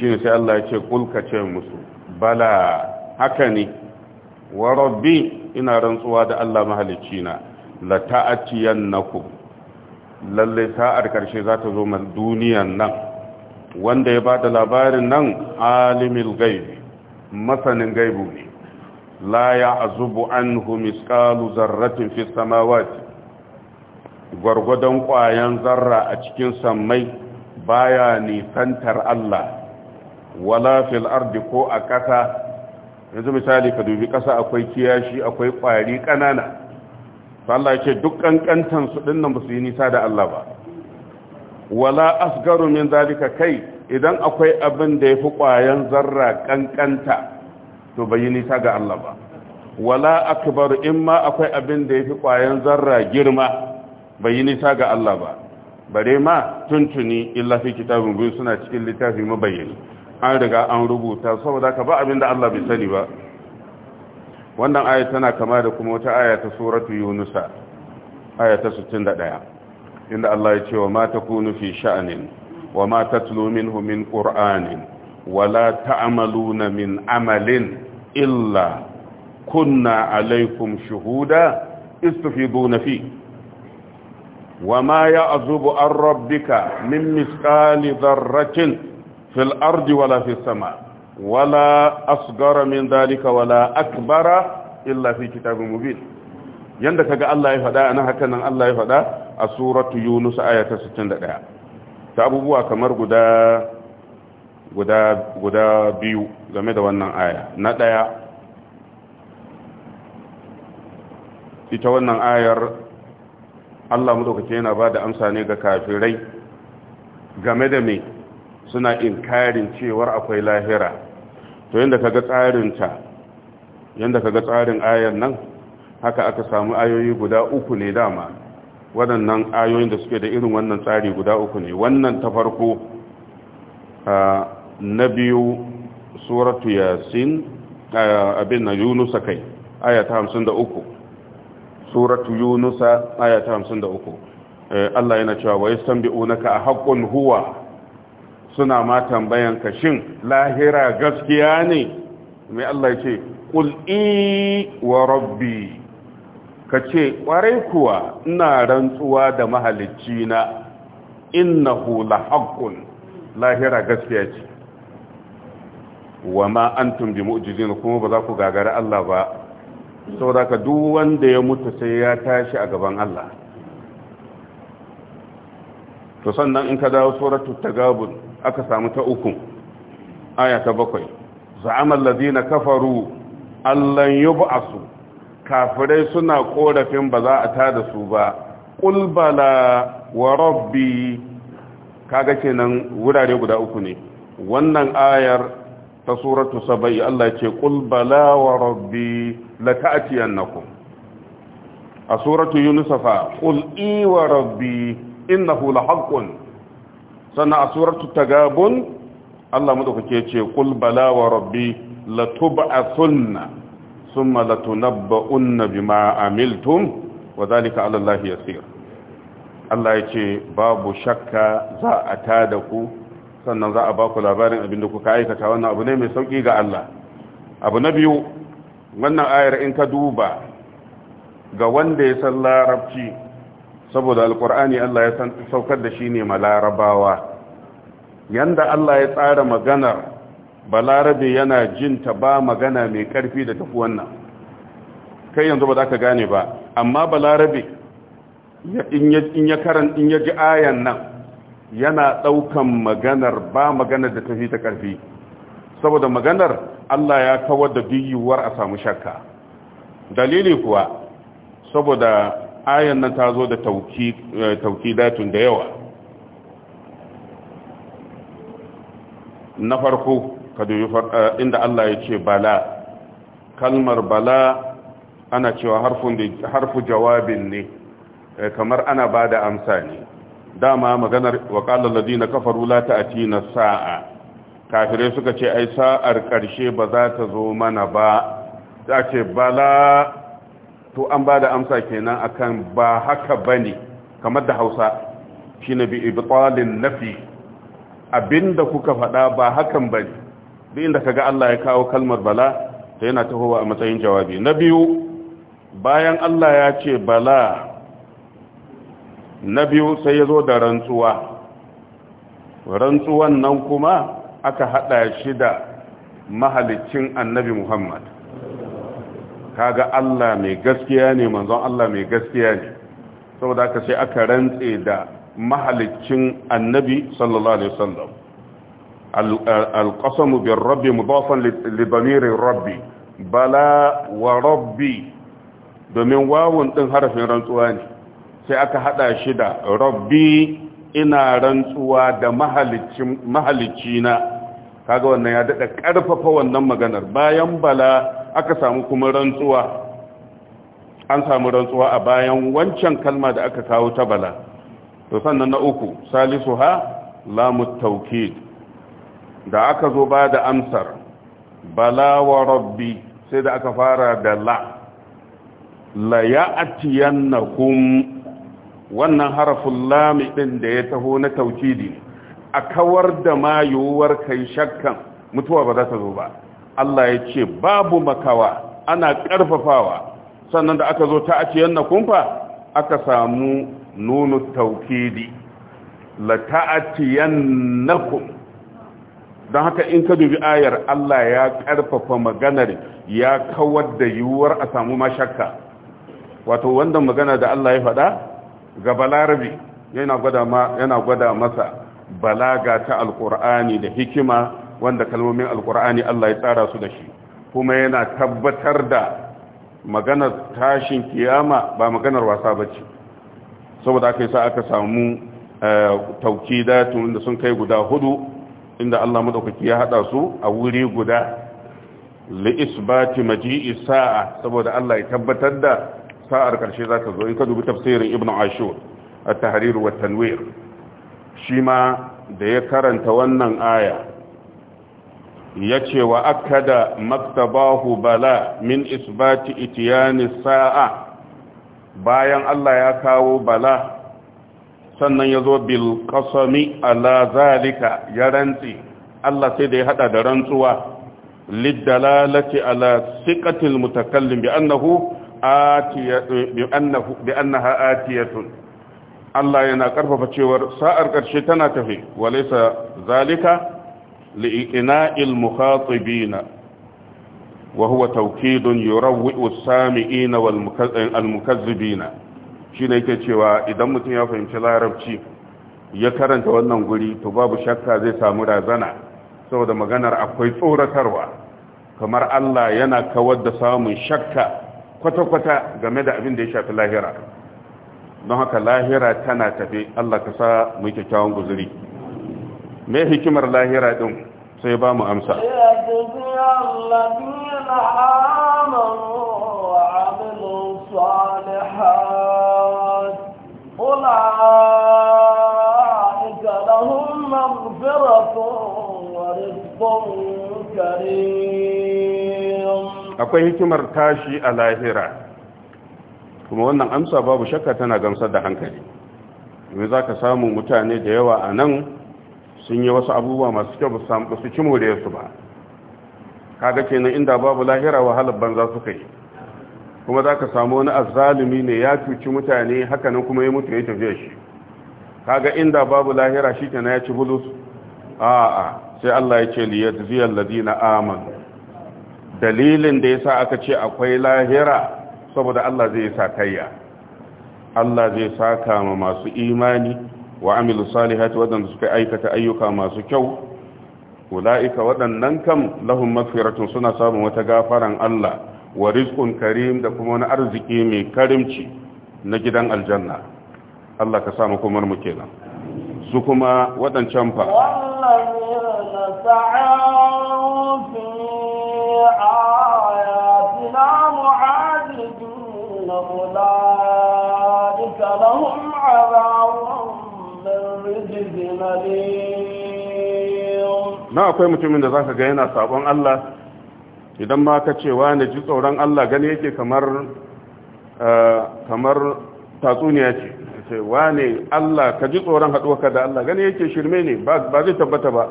ne sai Allah ya ce kulka ce musu bala haka ne wa rabbi ina rantsuwa da Allah mahalicci na la yanaku lalle sa'ar karshe za ta zo man duniyan nan wanda ya bada labarin nan alimul gaibi masanin gaibu ne la يعزب anhu misqalu zarratin في السماوات gwargwadon kwayan zarra a cikin sammai baya nisantar Allah wala fil ardi ko a ƙasa yanzu misali ka dubi ƙasa akwai kiyashi akwai ƙwari ƙanana Allah ce duk ƙanƙantar su dinnan ba su yi nisa da Allah ba wala asgaru min zalika kai idan akwai abin da ya fi ƙwayan zarra ƙanƙanta to bai yi nisa ga Allah ba wala akbar in ma akwai abin da ya fi kwayan zarra girma bai yi nisa ga Allah ba bare ma tuntuni illa fi kitabun biyu suna cikin littafi mabayyani an riga an rubuta saboda ka ba abin da Allah bai sani ba wannan aya tana kama da kuma wata aya ta suratu yunusa aya ta 61 inda Allah ya ce wa ma takunu fi sha'anin wa ma tatlu minhu min qur'anin wala ta'amaluna min amalin illa kunna alaikum shuhuda istufiduna fi wama ya'zubu an rabbika min misqali dharratin fil ardi wala fi sama wala asgaramin min dhalika wala akbara illa fi kitabin mubin yanda kaga Allah ya faɗa anan haka nan Allah ya faɗa a suratu yunus aya ta 61 ta abubuwa kamar guda guda biyu game da wannan aya na ɗaya ita wannan ayar Allah madaukake yana ba da amsa ne ga kafirai game da me suna inkarin cewar akwai lahira to yanda kaga tsarinta yanda kaga tsarin ayar nan haka aka samu ayoyi guda uku ne dama waɗannan ayoyin da suke da irin wannan tsari guda uku ne wannan ta farko ah, na biyu suratu yasin abin na yunusa kai ta hamsin da uku suratu yunusa ta hamsin da uku eh, Allah yana cewa wa yasan bi'unaka a haƙƙun huwa suna ma tambayan ka shin lahira gaskiya ne mai Allah ce ƙul wa rabbi ka ce ƙwarai kuwa ina rantsuwa da mahalicci na na hula haƙƙun. lahira gaskiya ce wa ma antum bi mu'jizin kuma ba za ku gagara Allah ba saboda ka duk wanda ya mutu sai ya tashi a gaban Allah to sannan in ka dawo suratul tagabun aka samu ta uku aya ta bakwai za'ama allazina kafaru allan yub'asu kafirai suna korafin ba za a tada su ba qul bala wa rabbi kaga kenan wurare guda uku ne wannan ayar ta suratu saba'i Allah ce qul bala wa rabbi lata'tiyannakum a suratu yunus fa qul i wa rabbi innahu lahaqqun sannan a suratu tagabun Allah madaukake ce qul bala wa rabbi latub'athunna thumma latunabba'unna bima amiltum wa dhalika 'ala Allah yasir Allah ya ce babu shakka za a tada ku sannan za a baku labarin abin da kuka aikata wannan abu ne mai sauki ga Allah abu na biyu wannan ayar in ka duba ga wanda ya san larabci saboda alkur'ani Allah ya san saukar da shi ne ma larabawa yanda Allah ya tsara maganar balarabe yana jin ta ba magana mai karfi da tafi wannan kai yanzu ba za ka gane ba amma balarabe in ya karan in ya ji ayan nan yana ɗaukan maganar ba maganar da ta fi ta karfi saboda maganar Allah ya kawar da biyuwar a samu shakka dalili kuwa saboda ayan nan ta zo da tauki eh, datun da yawa na farko eh, inda Allah ya ce bala kalmar bala ana cewa harfu jawabin ne eh, kamar ana ba da amsa ne dama maganar waƙalar ladina kafaru la ta'tina na sa'a kafirai suka ce ai sa'ar karshe ba za ta zo mana ba ta ce bala to an ba amsa kenan akan ba haka bane kamar da hausa shi na bi ibtalin nafi abinda kuka faɗa ba hakan bane duk inda kaga Allah ya kawo kalmar bala sai yana tahowa a matsayin jawabi na biyu bayan Allah ya ce bala na biyu sai ya zo da rantsuwa rantsuwan nan kuma aka hada shi da mahalicin annabi muhammad kaga allah mai gaskiya ne manzon allah mai gaskiya ne saboda aka sai aka rantse da mahalicin annabi sallallahu alaihi wasallam alqasamu bir rabbi mudafan li damiri rabbi bala wa rabbi domin wawun din harafin rantsuwa ne sai aka hada shi da rabbi ina rantsuwa da mahalicina kaga wannan ya dada ƙarfafa wannan maganar bayan bala aka samu kuma rantsuwa an samu rantsuwa a bayan wancan kalma da aka kawo ta bala to sannan na uku salisu ha lamu tawkid da aka zo ba da amsar bala wa rabbi sai da aka fara da la la ya'tiyannakum wannan harafin lami ɗin da ya taho na taukidi a kawar da ma yiwuwar kai shakkan mutuwa ba za ta zo ba Allah ya ce babu makawa ana ƙarfafawa sannan da aka zo ta a na kumfa aka samu nunu taukidi la ta'atiyan don haka in ka dubi ayar Allah ya ƙarfafa maganar ya kawar da yiwuwar a samu mashakka wato wanda magana da Allah ya faɗa ga balarabi yana gwada yana gwada masa balaga ta alqur'ani da hikima wanda kalmomin alqur'ani Allah ya tsara su da shi kuma yana tabbatar da maganar tashin kiyama ba maganar wasa bace saboda aka yi sa aka samu eh, taukidatun da sun kai guda hudu inda Allah madaukaki ya hada su a wuri guda li isbati maji'i sa'a saboda Allah ya tabbatar da sa'ar karshe za ta zo in ka dubi tafsirin ibn ashur a tahariru wa tanwir shi ma da ya karanta wannan aya Ya ce wa aka da maktabahu bala min isbati itiyani sa'a bayan Allah ya kawo bala sannan ya zo bil qasami ala zalika ya rantsi Allah sai da ya haɗa da rantsuwa lidalalati ala siqatil mutakallim bi annahu bi'annaha atiyatun Allah yana ƙarfafa cewar sa'ar ƙarshe tana tafi walaisa zalika li'ina'il mukhatibina wa huwa tawkidun yurawwi'u as-sami'ina wal mukazzibina shine yake cewa idan mutum ya fahimci larabci ya karanta wannan guri to babu shakka zai samu razana saboda maganar akwai tsoratarwa kamar Allah yana kawar da samun shakka kwata-kwata game da abin da ya shafi lahira don haka lahira tana tafi Allah ka sa mu kyakkyawan guzuri me hikimar lahira din sai ba mu amsa لهم مغفرة ورزق كريم akwai hikimar tashi a lahira kuma wannan amsa babu shakka tana gamsar da hankali domin za ka samu mutane da yawa a nan sun yi wasu abubuwa masu kyau ba su ci su ba kaga kenan inda babu lahira wahalar banza suka yi kuma za ka samu wani azalumi ne ya cuci mutane hakanan kuma ya mutu ya tafiya shi kaga inda babu lahira shi na ya ci bulus a'a sai Allah ya ce liyar ziyar ladina amanu dalilin da yasa aka ce akwai lahira saboda Allah zai sa kayya Allah zai saka ma masu imani wa amilu salihati waɗanda suka aikata ayyuka masu kyau ulaika waɗannan kam lahum maghfiratun suna samun wata gafaran Allah wa rizqun karim da kuma wani arziki mai karimci na gidan aljanna Allah ka sa mu kuma mu kenan su kuma waɗancan fa لآياتنا معاذبين أولئك لهم عذاب من رجز أليم na akwai mutumin da ka ga yana sabon Allah idan ma ka wa na ji tsoron Allah gani yake kamar eh, kamar tatsuniya ce ce ne Allah ka ji tsoron haɗuwa ka da Allah gani yake shirme ne ba zai tabbata ba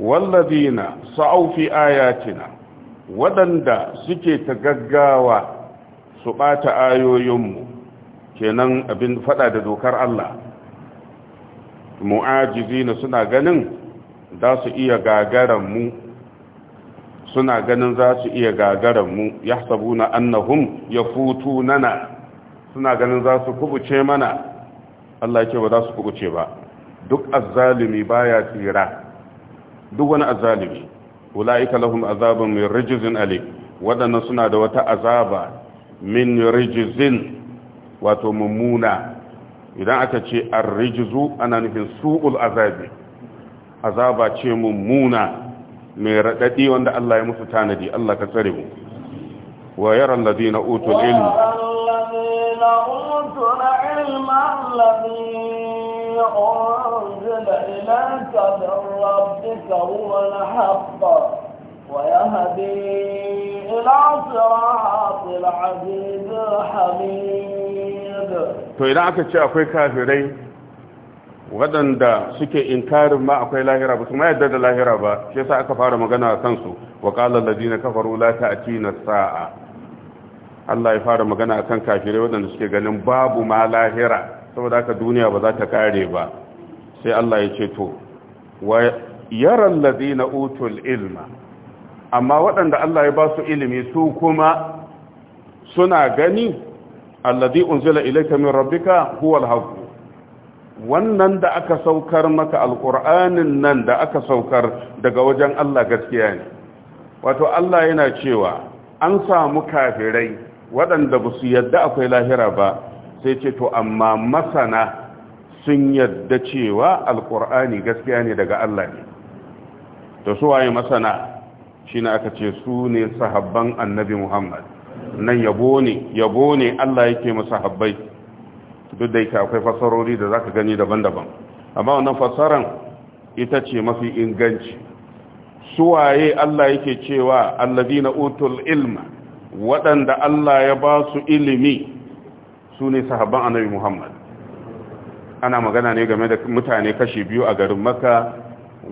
walladina sa'au fi ayatina waɗanda suke ta gaggawa su ɓata ayoyinmu kenan abin faɗa da dokar Allah mu'ajizina suna ganin za su iya gagaranmu suna ganin za su iya gagaranmu ya sabuna annahum ya futu nana suna ganin za su kubuce mana Allah ke ba za su kubuce ba duk azzalimi baya tsira duk wani azalimi ulaika lahum azabun min rijzin ali waɗannan suna da wata azaba min rijzin wato mummuna idan aka ce ar-rijzu ana nufin su'ul azabi azaba ce mummuna mai radadi wanda Allah ya musu tanadi Allah ka tsare mu wa yara alladhina utul ilma alladhina utul ilma alladhina أنزل إليك من ربك هو الحق ويهدي إلى صراط العزيز الحميد to idan aka ce akwai kafirai waɗanda suke inkarin ma akwai lahira ba su ma yadda da lahira ba shi yasa aka fara magana a kansu wa qala alladhina kafaru la ta'tina sa'a Allah ya fara magana akan kafirai waɗanda suke ganin babu ma lahira saboda haka duniya ba za ta kare ba sai Allah ya ce to wa yaran ladina utul ilma amma waɗanda Allah ya ba su ilimi su kuma suna gani alladhi unzila ilayka min rabbika huwa al wannan da aka saukar maka alqur'anin nan da aka saukar daga wajen Allah gaskiya ne wato Allah yana cewa an samu kafirai waɗanda ba su yadda akwai lahira ba sai ce to amma masana sun yadda cewa alkur'ani gaskiya ne daga Allah ne da su waye masana ne aka ce su ne sahabban annabi Muhammad nan yabo ne yabo ne Allah yake masa habbai duk da yake akwai fasarori da zaka gani daban-daban amma wannan fasaran ita ce mafi inganci suwaye Allah yake cewa allazina utul ilma waɗanda Allah ya ba su ilimi su ne sahabban annabi muhammad ana magana ne game da mutane kashi biyu a garin makka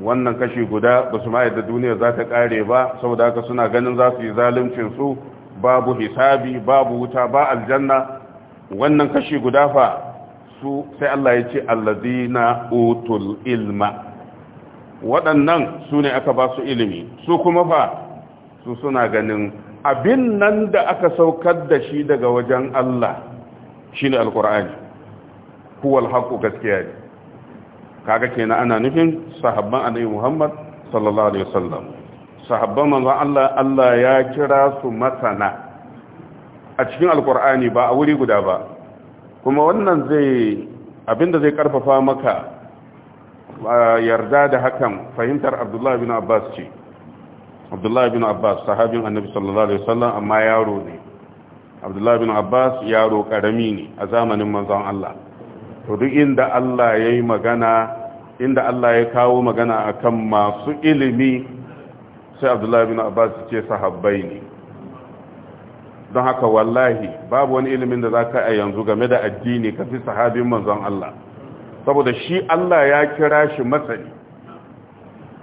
wannan kashi guda ba su ma'aida duniya za ta kare ba saboda haka suna ganin za su yi zaluncin su babu hisabi babu wuta ba aljanna wannan kashi guda fa su sai Allah ya ce allazina utul ilma waɗannan su ne aka ba su ilimi su kuma fa su suna ganin abin nan da aka saukar da shi daga wajen Allah shine alqur'ani huwa alhaqu gaskiya ne kaga kenan ana nufin sahabban annabi Muhammad sallallahu alaihi wasallam sahabban manzon Allah Allah ya kira su masana a cikin alqur'ani ba a wuri guda ba kuma wannan zai abinda zai karfafa maka yarda da hakan fahimtar Abdullahi bin Abbas ce Abdullahi bin Abbas sahabin annabi sallallahu alaihi wasallam amma yaro ne abdullahi bin abbas yaro karami ne a zamanin manzon Allah to duk inda Allah ya yi magana inda Allah ya kawo magana akan masu ilimi sai abdullahi bin abbas ce sahabbai ne don haka wallahi babu wani ilimin da za ka a yanzu game da addini ka fi sahabin manzon Allah saboda shi Allah ya kira shi masani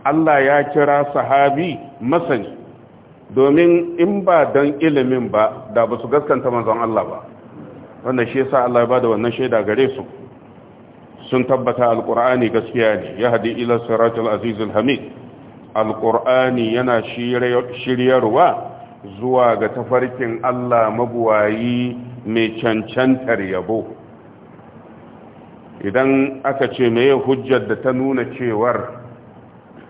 Allah ya kira sahabi masani domin in ba don ilimin ba da ba su gaskanta manzon Allah ba wannan shi yasa Allah ya bada wannan shaida gare su sun tabbata alqur'ani gaskiya ne ya hadi ila siratul azizul hamid alqur'ani yana shiryarwa zuwa ga tafarkin Allah mabuwayi mai cancantar yabo idan aka ce meye hujjar da ta nuna cewar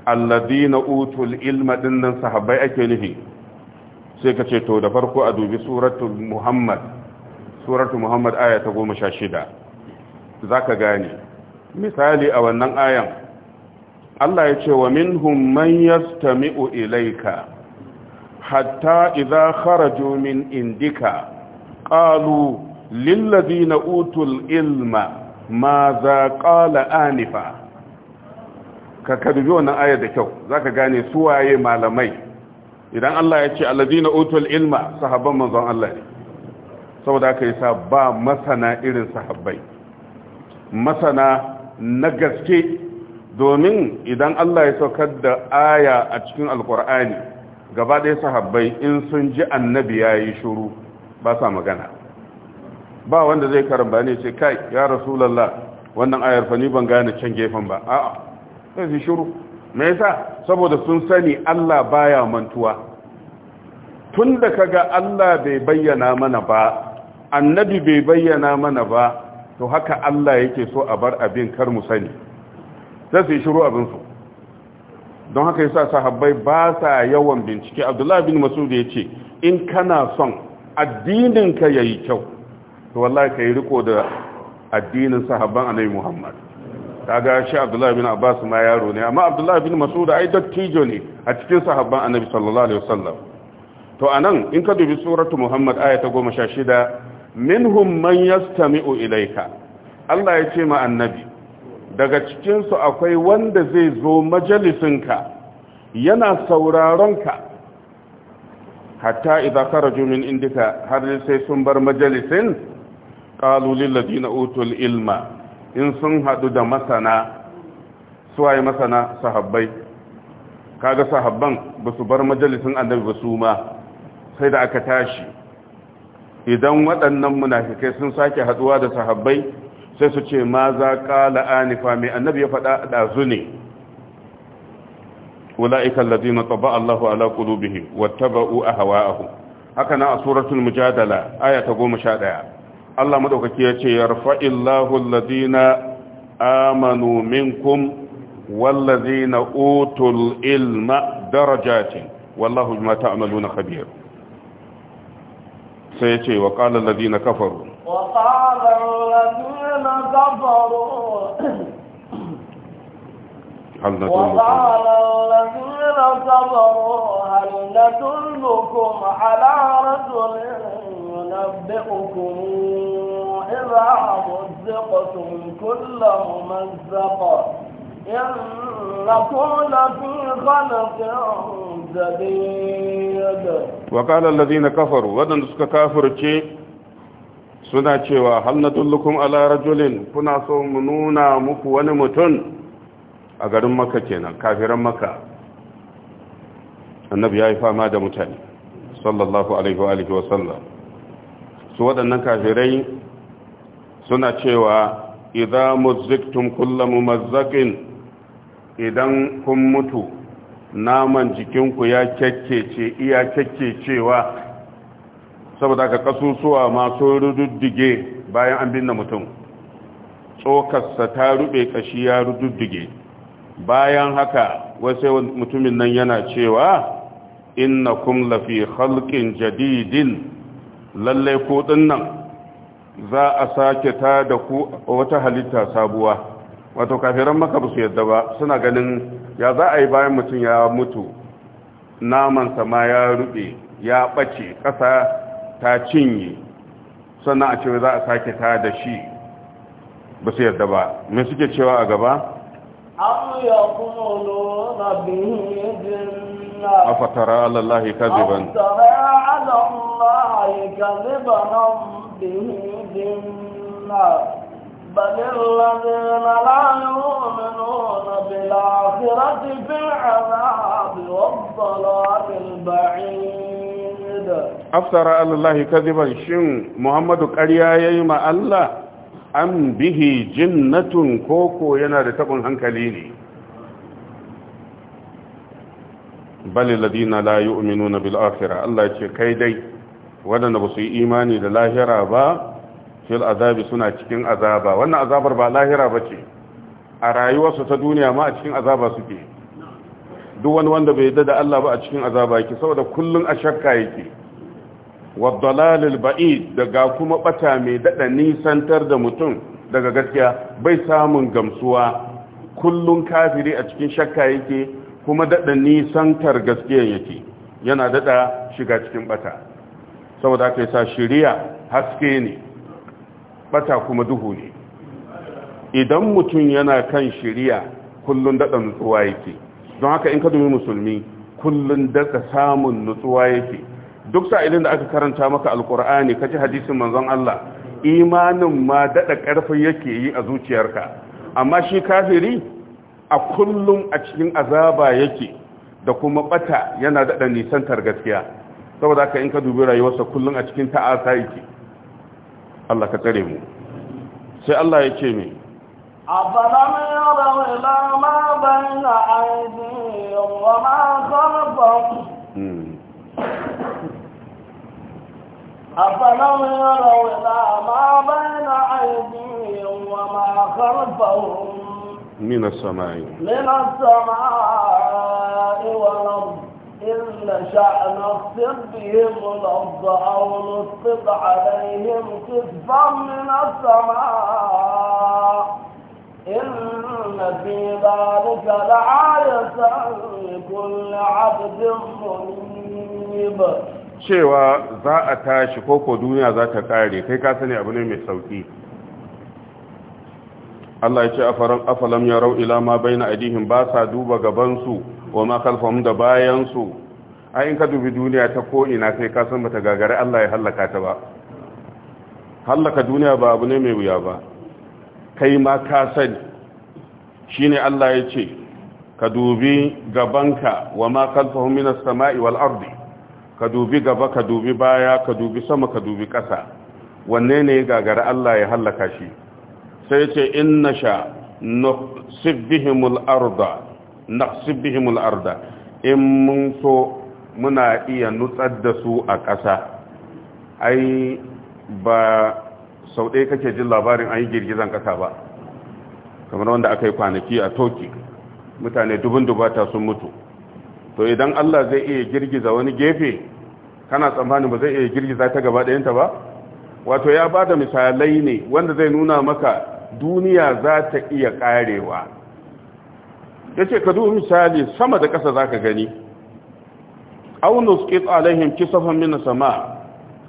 alladina utul ilma nan sahabbai ake nufi sai ka ce to da farko a dubi suratul muhammad suratul muhammad aya ta goma sha shida za ka gane misali a wannan ayan Allah ya ce wa minhum man yastami'u ilaika hatta idza kharaju min indika qalu lil ladina utul ilma ma za qala anifa ka karbi wannan ayar da kyau za ka gane su waye malamai idan Allah ya ce alladina utul ilma sahabban manzon Allah ne saboda yi sa ba masana irin sahabbai masana na gaske domin idan Allah ya saukar da aya a cikin alkur'ani gaba ɗaya sahabbai in sun ji annabi ya yi shuru ba sa magana ba wanda zai karamba ne ce kai ya rasulallah wannan ayar fa ni ban gane can gefen ba a'a sai su shiru me yasa saboda sun sani Allah baya mantuwa tun da kaga Allah bai bayyana mana ba annabi bai bayyana mana ba to haka Allah yake so a bar abin kar mu sani sai su shiru abin su don haka yasa sahabbai ba sa yawan bincike Abdullah bin Mas'ud ce in kana son addininka ka yayi kyau to wallahi kai riko da addinin sahabban Annabi Muhammad kaga shi abdullahi bin abbas ma yaro ne amma abdullahi bin mas'ud ai dattijo ne a cikin sahabban annabi sallallahu alaihi wasallam to anan in ka dubi suratu muhammad ayata ta 16 minhum man yastami'u ilayka Allah ya ce ma annabi daga cikin su akwai wanda zai zo majalisinka yana sauraron ka hatta idza kharaju min indika har sai sun bar majalisin qalu lil ladina utul ilma in sun haɗu da masana suwaye masana sahabbai kaga sahabban ba su bar majalisun annabi ba su ma sai da aka tashi idan waɗannan munafikai sun sake haɗuwa da sahabbai sai su ce ma za ƙala anifa mai annabi ya faɗa ɗazu ne wula'ikan lazina taba Allahu ala ƙulubihi wata ba'u a hawa'ahu haka na a suratul mujadala aya ta goma sha ɗaya Allah madaukaki ya ce yarfa'illahu alladhina amanu minkum wallazina utul ilma darajatin wallahu bima ta'maluna khabir sai ya ce wa qala alladhina kafaru wa qala alladhina kafaru هل ندلكم وقال الذين صبروا هل ندلكم على رجل ينبئكم إذا مزقتم كل ممزق إنكم لفي وقال الذين كفروا ودن كافر suna cewa hal na dullukum ala rajulin kuna so mu nuna muku wani mutum a garin maka kenan kafiran maka annabi ya yi fama da mutane sallallahu alaihi wa alihi su waɗannan kafirai suna cewa idan muzziktum kullu mumazzaqin idan kun mutu naman jikinku ya kyakkece iya kyakkecewa saboda ka kasusuwa masu rududdige bayan an binne mutum tsokarsa ta rube kashi ya rududdige bayan haka wasu mutumin nan yana cewa innakum lafi khalqin jadidin lallai ko dinnan za a sake ta da ku wata halitta sabuwa wato kafiran maka ba su yadda ba suna ganin ya za a yi bayan mutum ya mutu Naman sama ya rube ya ɓace ƙasa ta cinye sannan a cewa za a sake ta da shi ba su yadda ba me suke cewa a gaba an yakunu nuna bihi أفترى على الله كذبا أفترى على الله كذبا به جنة بل الذين لا يؤمنون بالآخرة في العذاب والضلال البعيد أفترى على الله كذبا شن محمد قريا يما الله أم به جنة كوكو ينادي تقن هنكليني Bali ladina la yu'minuna bil akhirah Allah ce kai dai wadanda ba su yi imani da lahira ba fil azabi suna cikin azaba wannan azabar ba lahira bace a rayuwarsu ta duniya ma a cikin azaba suke duk wani wanda bai yadda da Allah ba a cikin azaba yake saboda kullun a shakka yake waddalalil ba'id daga kuma bata mai dada nisantar da mutum daga gaskiya bai samun gamsuwa kullun kafiri a cikin shakka yake kuma daɗa nisantar gaskiyan yake yana daɗa shiga cikin ɓata saboda aka yi sa shiriya haske ne ɓata kuma duhu ne idan mutum yana kan shiriya kullum daɗa nutsuwa yake don haka in ka dumi musulmi kullum daɗa samun nutsuwa yake duk sa'ilin da aka karanta maka alkur'ani ka ji hadisin manzon Allah imanin ma daɗa ƙarfi yake yi a zuciyarka amma shi kafiri a kullum a cikin azaba yake da kuma bata yana daɗa nisantar gaskiya saboda haka in ka dubi rayuwarsa kullum a cikin ta'asa yake Allah ka tsare mu sai Allah ya ce ne أفلم يروا إلى wa بين A وما خلفهم hmm. أفلم ma bai aiki من السماء من السماء والأرض إن شاء نخسف بهم الأرض أو نسقط عليهم كسفا من السماء إن في ذلك لآية لكل عبد منيب cewa za a tashi koko duniya za ta kare kai ka sani abu ne mai sauki Allah ya ce afalam ya rau ila ma na adihin ba sa duba gabansu wa ma da bayansu a in ka dubi duniya ta ko'ina sai ka san bata gagare Allah ya hallaka ta ba hallaka duniya ba abu ne mai wuya ba kai ma ka sani ne Allah ya ce ka dubi gabanka wa ma min samai wal ardi ka dubi gaba ka dubi baya ka dubi sama ka dubi ƙasa wanne ne gagari Allah ya hallaka shi sai ce in na sha naksib arda in mun so muna iya nutsar da su a ƙasa ai ba sau ɗaya kake jin labarin an yi girgizan ƙasa ba kamar wanda aka yi kwanaki a toki mutane dubin dubata sun mutu to idan allah zai iya girgiza wani gefe kana tsammanin ba zai iya girgiza ta gaba ɗayanta ba wato ya ba da misalai ne wanda zai nuna maka duniya za ta iya karewa ya ce ka duk misali sama da ƙasa za ka gani aunus ƙit alaihim kisafan mina sama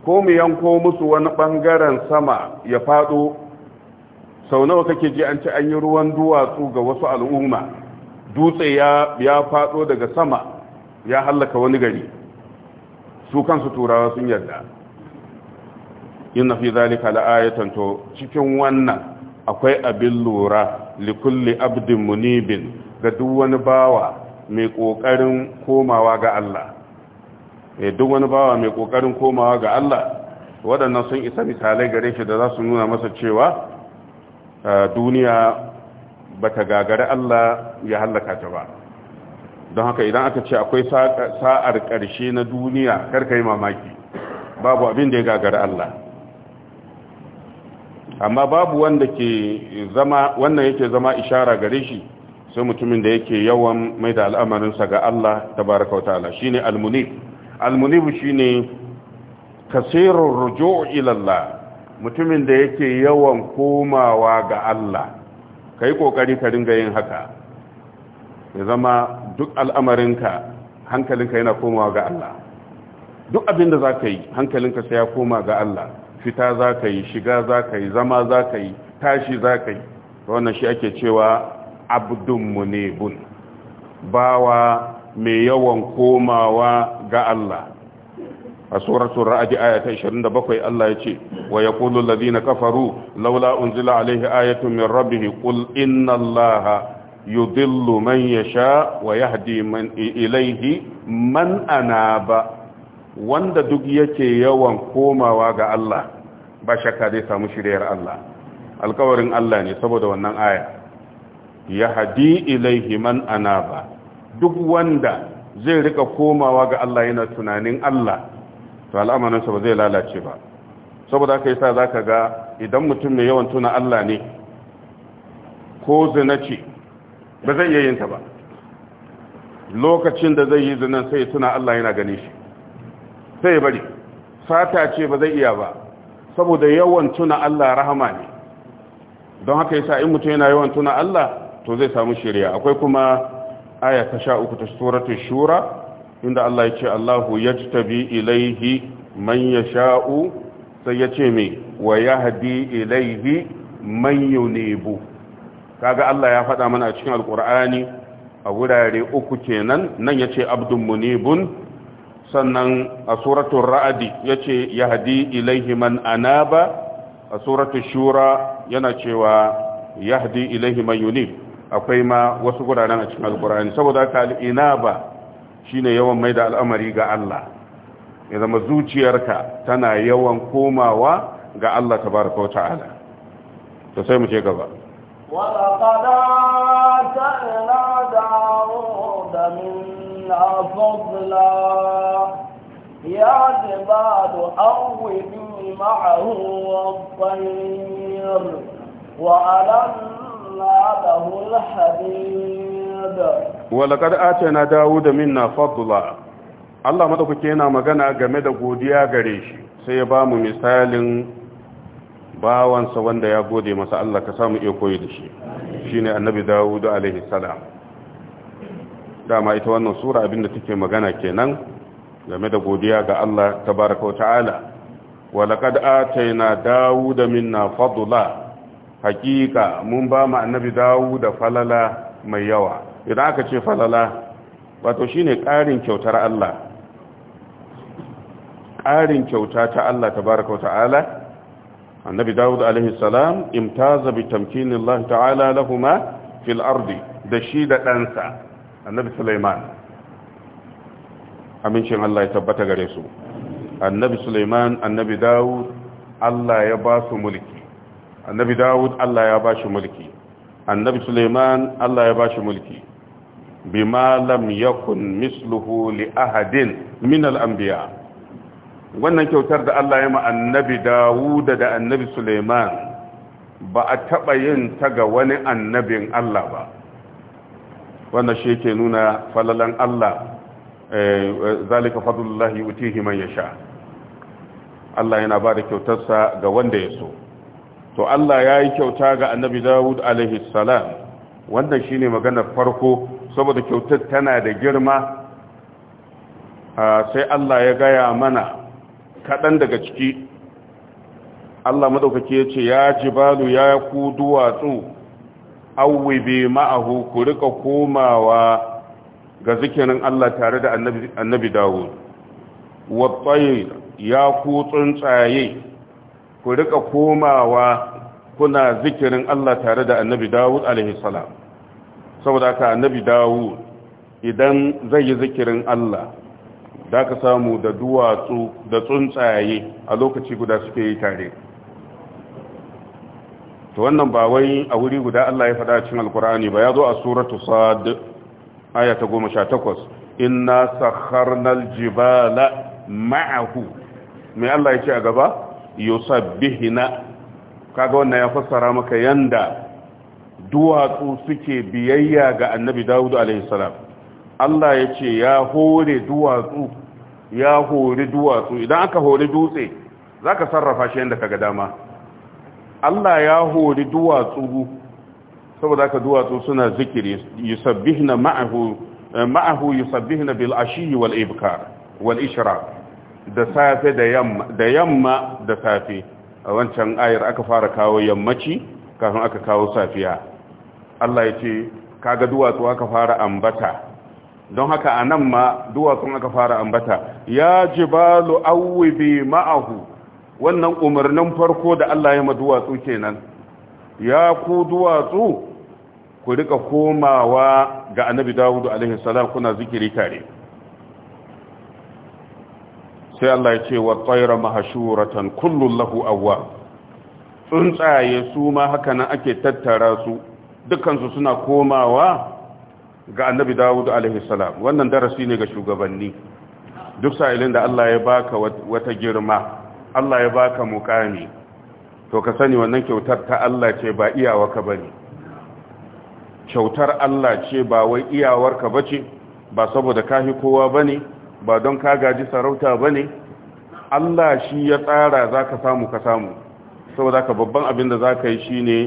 ko mu yanko musu wani ɓangaren sama ya faɗo sau nawa kake ji an ci an yi ruwan duwatsu ga wasu al'umma dutse ya faɗo daga sama ya hallaka wani gari su kansu turawa sun yarda inna fi zalika la'ayatan to cikin wannan akwai abin lura likulli abdin munibin ga duk wani bawa mai ƙoƙarin komawa ga Allah eh, duk wani bawa mai ƙoƙarin komawa ga Allah waɗannan sun isa misalai gare shi da za su nuna masa cewa eh, duniya ba ta gagari Allah ya hallaka ta ba don haka idan aka ce akwai sa'ar ƙarshe na duniya karka yi mamaki babu abin da ya gagari Allah amma babu wanda ke zama wannan yake zama ishara gare shi sai mutumin da yake yawan mai da al'amarinsa ga Allah tabaraka wa ta'ala shine al-munib al-munib shine kasirur ruju' ila Allah mutumin da yake yawan komawa ga Allah kai kokari ka ringa yin haka ya zama duk al'amarinka hankalinka yana komawa ga Allah duk abin da zaka yi hankalinka sai ya koma ga Allah fita za ka yi shiga za ka yi zama za ka yi tashi za ka yi wannan shi ake cewa abdun munibun bawa mai yawan komawa ga Allah a suratul ra'd ayata 27 Allah ce, wa yaqulu alladhina kafaru laula unzila alaihi ayatun min rabbih qul inna allaha yudillu man yasha wa yahdi man ilayhi man anaba wanda duk yake yawan komawa ga Allah ba shakka zai samu shiriyar Allah alkawarin Allah ne saboda wannan aya ya hadi ilaihi man anaba duk wanda zai rika komawa ga Allah yana tunanin Allah to al'amarinsa ba zai lalace ba saboda haka yasa zaka ga idan mutum mai yawan tuna Allah ne ko zina ce ba zai iya yin ba lokacin da zai yi zinan sai tuna Allah yana gane shi sai ya bari fata ce ba zai iya ba saboda yawan tuna Allah rahama ne don haka yasa in mutum yana yawan tuna Allah to zai samu shari'a akwai kuma aya ta uku ta suratul shura inda Allah ya ce Allahu yajtabi ilaihi man yasha'u sai ya ce me wa yahdi ilaihi man yunibu kaga Allah ya faɗa mana a cikin alqur'ani a wurare uku kenan nan yace abdun munibun sannan a suratun ra'adi ya ce ya hadi ilaihi man anaba a suratun shura yana cewa ya hadi ilaihi man yunif akwai ma wasu guranen a cikin alkur'ani saboda haka al'inaba ne yawan mai da al'amari ga Allah ya zama zuciyarka tana yawan komawa ga Allah tabaraka wa ta'ala to sai mu ce gaba da آتينا da min لنا فضلا يا جبال أوبي معه الطير وألنا له الحديد ولقد آتنا داود منا فضلا Allah madaukake yana magana game da godiya gare shi sai ya ba mu misalin bawansa wanda ya gode masa Allah ka samu iya koyi da shi shine annabi Dawud alaihi salam dama ita wannan sura abinda take magana kenan game da godiya ga Allah tabaraka wata'ala wa laqad atayna dawuda minna fadla hakika mun ba mu annabi dawuda falala mai yawa idan aka ce falala wato shine ƙarin kyautar Allah ƙarin kyauta ta Allah tabaraka wata'ala annabi dawud alaihi salam imtaza bi tamkinillahi ta'ala lahuma fil ardi da shi da ɗansa annabi Suleiman, amincin Allah ya tabbata gare su annabi Suleiman, annabi Dawud Allah ya ba su mulki annabi Dawud Allah ya ba shi mulki annabi Suleiman, Allah ya ba shi mulki Bi bima lam yakun misluhu li ahadin min al-anbiya wannan kyautar da Allah ya ma annabi Dawud da annabi Suleiman, ba a taba yin ta ga wani annabin Allah ba wannan shi yake nuna falalan Allah eh, zalika fadlullahi yutihi man yasha Allah yana ba da kyautarsa ga wanda ya so to Allah ya yi kyauta ga annabi Dawud alaihi salam wannan shine maganar farko saboda kyautar tana da girma ah, sai Allah ya gaya mana kaɗan daga ciki Allah madaukake ya ce ya jibalu ya ku duwatsu awwibi ma'ahu ku rika komawa ga zikirin Allah tare da annabi Dawud wattayi ya ku tsuntsaye ku rika komawa kuna zikirin Allah tare da annabi Dawud alaihi salam saboda ka annabi Dawud idan zai yi zikirin Allah da ka samu da duwatsu da tsuntsaye a lokaci guda suke yi tare to wannan ba wai a wuri guda Allah ya faɗa cikin alkur'ani ba ya zo a suratu sad aya ta 18 inna sakharnal jibala ma'ahu mai Allah ya ce a gaba ka kaga wannan ya fassara maka yanda duwatsu suke biyayya ga annabi Dawud alaihi salam Allah ya ce ya hore duwatsu ya hori duwatsu idan aka hori dutse zaka sarrafa shi yanda ga dama Allah ya hori duwatsu saboda haka duwatsu suna zikiri yusabbihna ma'ahu ma'ahu yusabbihna bil wal ibkar wal ishraq da safe da yamma da yamma da safe a wancan ayar aka fara kawo yammaci kafin aka kawo safiya Allah ya ce kaga duwatsu aka fara ambata don haka anan ma duwatsun aka fara ambata ya jibalu awwibi ma'ahu wannan umarnin farko da Allah ya maduwatsu kenan ya ku duwatsu ku rika komawa ga annabi dawudu alaihi salam kuna zikiri tare sai Allah ya ce wa mahashuratan kullun lahu awwa tsuntsaye su ma haka nan ake tattara su dukansu suna komawa ga annabi dawudu alaihi salam wannan darasi ne ga shugabanni duk sa'ilin da Allah ya baka wata girma Allah ya baka mukami to ka sani wannan kyautar ta Allah ce ba iyawarka bane kyautar Allah ce ba wai iyawarka bace ba saboda kahi kowa bane ba don ka gaji sarauta bane Allah shi ya tsara zaka samu ka samu saboda ka babban abin da zaka yi shine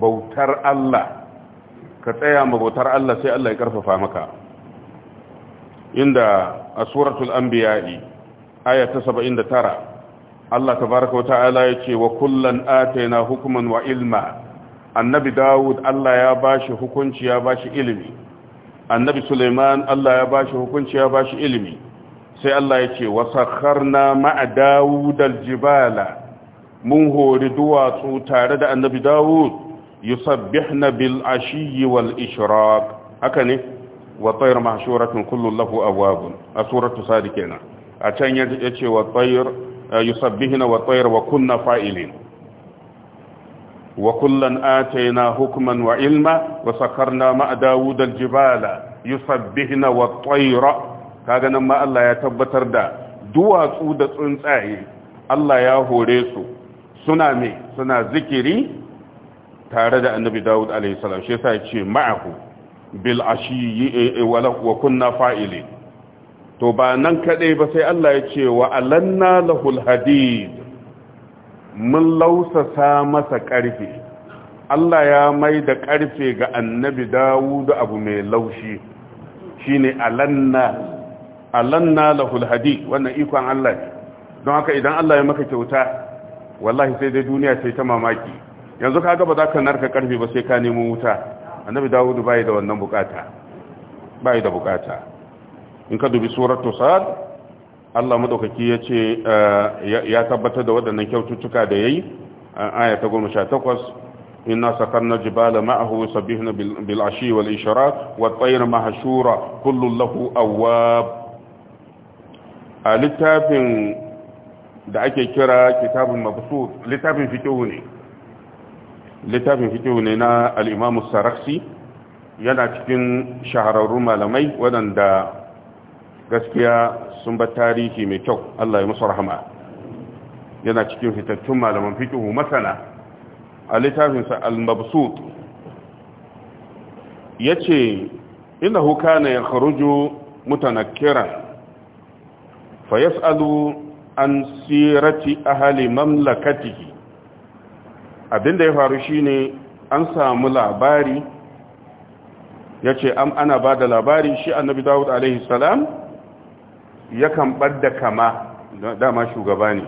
bautar Allah ka tsaya ma bautar Allah sai Allah ya karfafa maka inda a suratul anbiya'i aya ta 79 Allah tabaraka wa ta'ala ce wa kullan ataina hukman wa ilma annabi Dawud Allah ya bashi hukunci ya bashi ilimi annabi suleiman Allah ya bashi hukunci ya bashi ilimi sai Allah ya ce wa sakharna ma'a Dawud aljibala mun hori duwatsu tare da annabi Dawud yusabbihna bil ashiyyi wal ishraq haka ne wa tayr mahshuratun kullu lahu awabun a suratu sadi kenan a can ce wa tayr yusabbihina wa tsayar wa kunna fa'ilin wa kullan atayna hukman wa ilma wa sakarna ma dawud aljibala yusabbihina wa tsayra kaga nan ma Allah ya tabbatar da duwatsu da tsuntsaye Allah ya hore su suna me suna zikiri tare da annabi dawud alaihi shi ya ce ma'ahu bil ashiyi eh, eh, wa kunna fa'ilin to ba nan kaɗai ba sai Allah ya ce wa alanna lahul hadid mun lausasa masa karfe Allah ya mai da ƙarfe ga annabi Dawud abu mai laushi shine alanna alanna lahul hadid wannan ikon Allah ne don haka idan Allah ya maka kyauta wallahi sai dai duniya sai ta mamaki yanzu kaga ba za ka narka karfe ba sai ka nemo wuta annabi Dawud bai da wannan bukata bai da bukata in ka dubi suratu sa'ad Allah madaukaki ya ce eh, ya tabbatar da waɗannan kyaututtuka da yayi aya ta 18 inna sakarna jibala ma'ahu sabihna bil bil'ashi wal isharat wat tayr mahashura kullum lahu awwa. a littafin da ake kira kitabun mabsut littafin ne littafin fiqh ne na al Saraksi yana cikin shahararrun malamai waɗanda gaskiya sun ba tarihi mai kyau Allah ya musu rahama yana cikin fitattun malaman fikihu masana a littafinsa al-mabsut yace innahu kana yakhruju mutanakkiran fa yas'alu an sirati ahli mamlakatihi abinda ya faru shine an samu labari yace am ana bada labari shi annabi Dawud alaihi salam yakan ɓadda kama dama shugaba ne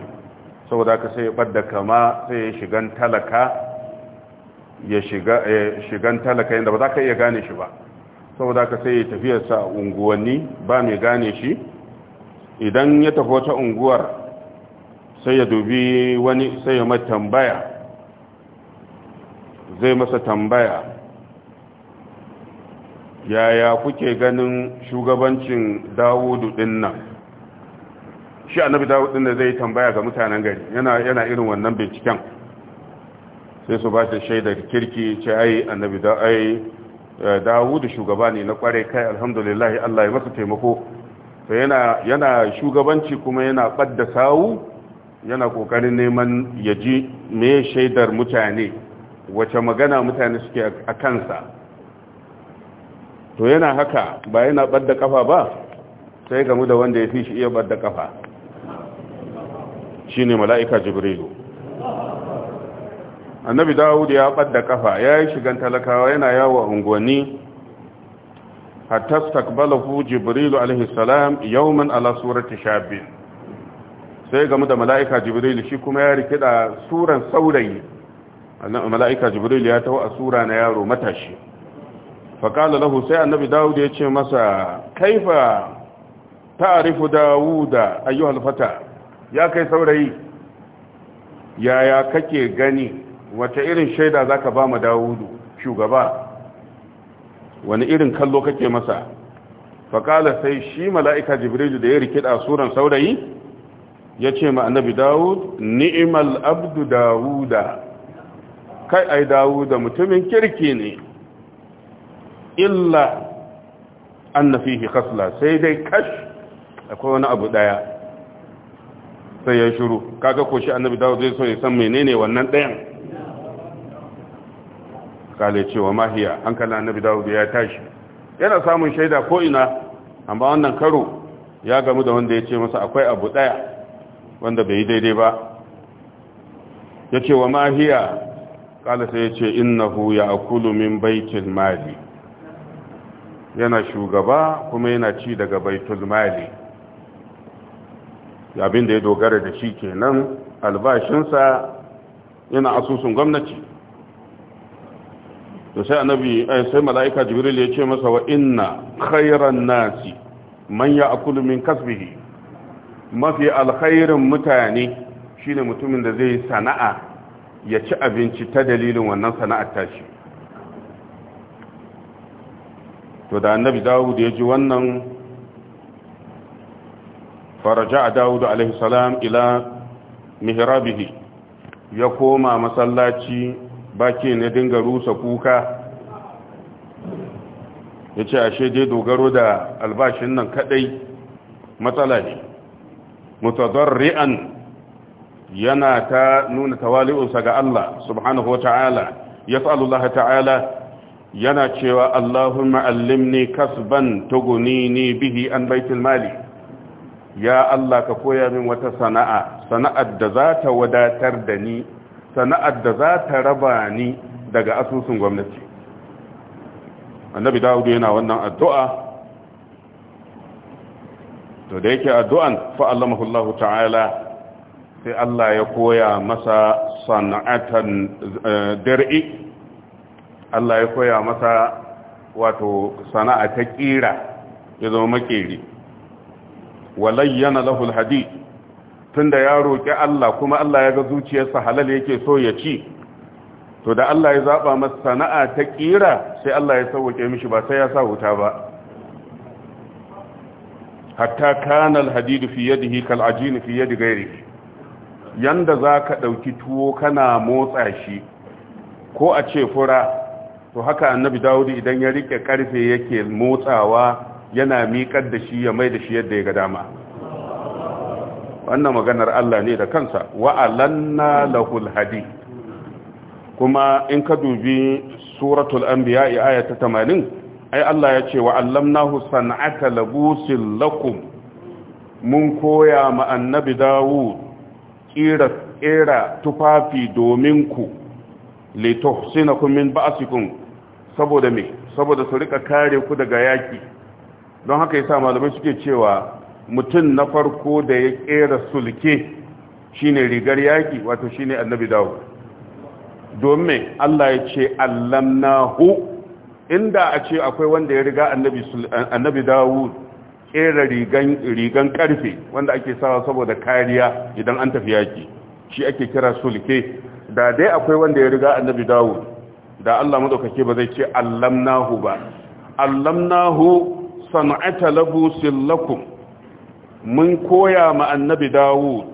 saboda ka sai ya ɓadda kama sai ya shigan talaka ya shigan talaka yadda ba za ka iya gane shi ba saboda ka sai ya tafiyarsa a unguwanni ba mai gane shi idan ya tafi wata unguwar sai ya dubi wani sai ya mai tambaya zai masa tambaya yaya kuke ganin shugabancin dawudu din nan shi annabi dawud din da zai tambaya ga mutanen gari yana yana irin wannan binciken sai su ba ta shaidar kirki ce ai annabi da ai eh, dawud shugaba ne na kware kai Alhamdulillahi Allah ya masa taimako to yana shugabanci kuma yana badda sawu yana kokarin neman yaji me shaidar mutane wace magana mutane suke a kansa to yana haka ba yana badda kafa ba sai gamu da wanda ya fi shi iya badda kafa Shi ne mala'ika jibrilu annabi dawud ya ɓadda ƙafa. ya yi shigan talakawa yana yawo a unguwanni takbala ku jibrilu alaihi yau yawman ala sai gamu da mala'ika jibrilu shi kuma ya rikida suran saurayi mala'ika jibrilu ya taho a sura na yaro matashi faƙala lahu sai annabi dawud ya ce masa kaifa ta'arifu dawuda ayyuhal fata ya kai saurayi yaya kake gani wata irin shaida za ka ba mu dawudu shugaba wani irin kallo kake masa faƙala sai shi mala'ika jibrilu da ya rikida suran saurayi ya ce ma annabi dawud ni'imal abdu dawuda kai ai dawuda mutumin kirki ne illa an na sai dai kash akwai wani abu ɗaya sai ya shiru kaga ko shi annabi dawo zai so ya san menene wannan ɗayan kale cewa mahiya hankalin annabi dawo ya tashi yana samun shaida ko ina amma wannan karo ya gamu da wanda ya ce masa akwai abu ɗaya wanda bai yi daidai ba ya ce wa mahiya kala sai ya ce innahu ya akulu min baitul mali yana shugaba kuma yana ci daga baitul mali abin da ya dogara da shi kenan albashinsa yana asusun gwamnati da sai annabi eh, sai mala'ika jibril ya ce masa wa inna khairan nasi man a min kasbihi mafi alkhairin mutane shine mutumin da zai sana'a ya ci abinci ta dalilin wannan sana'ar tashi to da annabi dawud ya ji wannan faraja a dawudu alaihissalam ila mihrabihi ya koma masallaci baki na dinga rusa kuka ya ce ashe dai dogaro da albashin nan kadai matsala ne mutadarri'an yana ta nuna tawali'unsa ga Allah subhanahu wa ta'ala ya Allah ta'ala yana cewa Allahumma allimni kasban tuguni ni bihi an baitul mali ya Allah ka koya min wata sana'a sana'ar da za ta wadatar da ni sana'ar da za ta raba ni daga asusun gwamnati annabi dawudu yana wannan addu'a to da yake addu'an fa'allamahu Allah ta'ala sai Allah ya koya masa sana'atan eh, dar'i Allah ya koya masa wato sana'a ta ƙira ya zama makeri walayyana lahul hadid tunda ya roki Allah kuma Allah ya ga zuciyarsa halal yake so ya ci to da Allah ya zaba masa sana'a ta kira sai Allah ya sauke mishi ba sai ya sa wuta ba hatta kana alhadid fi yadihi kal ajin fi yadi ghairihi yanda zaka dauki tuwo kana motsa shi ko a ce fura to haka annabi dawudi idan ya rike karfe yake motsawa yana miƙar da shi ya mai da shi yadda ya ga dama wannan maganar Allah ne da kansa wa'alanna lahul hadi kuma in ka dubi suratul anbiya aya ta 80 ai Allah ya ce wa'allamnahu san'ata labusil lakum mun koya ma annabi Dawud kira tufafi domin ku lituhsinakum min ba'sikum saboda me saboda su rika kare ku daga yaki don haka yasa malamai suke cewa mutum na farko da ya kera sulke shine rigar yaki wato shine annabi dawo domin Allah ya ce allamnahu inda a ce akwai wanda ya riga annabi annabi dawo kera rigan karfe wanda ake sawa saboda kariya idan an tafi yaki shi ake kira sulke da dai akwai wanda ya riga annabi dawo da Allah madaukake ba zai ce allamnahu ba allamnahu sana'ata lahu sillakum mun koya ma annabi dawud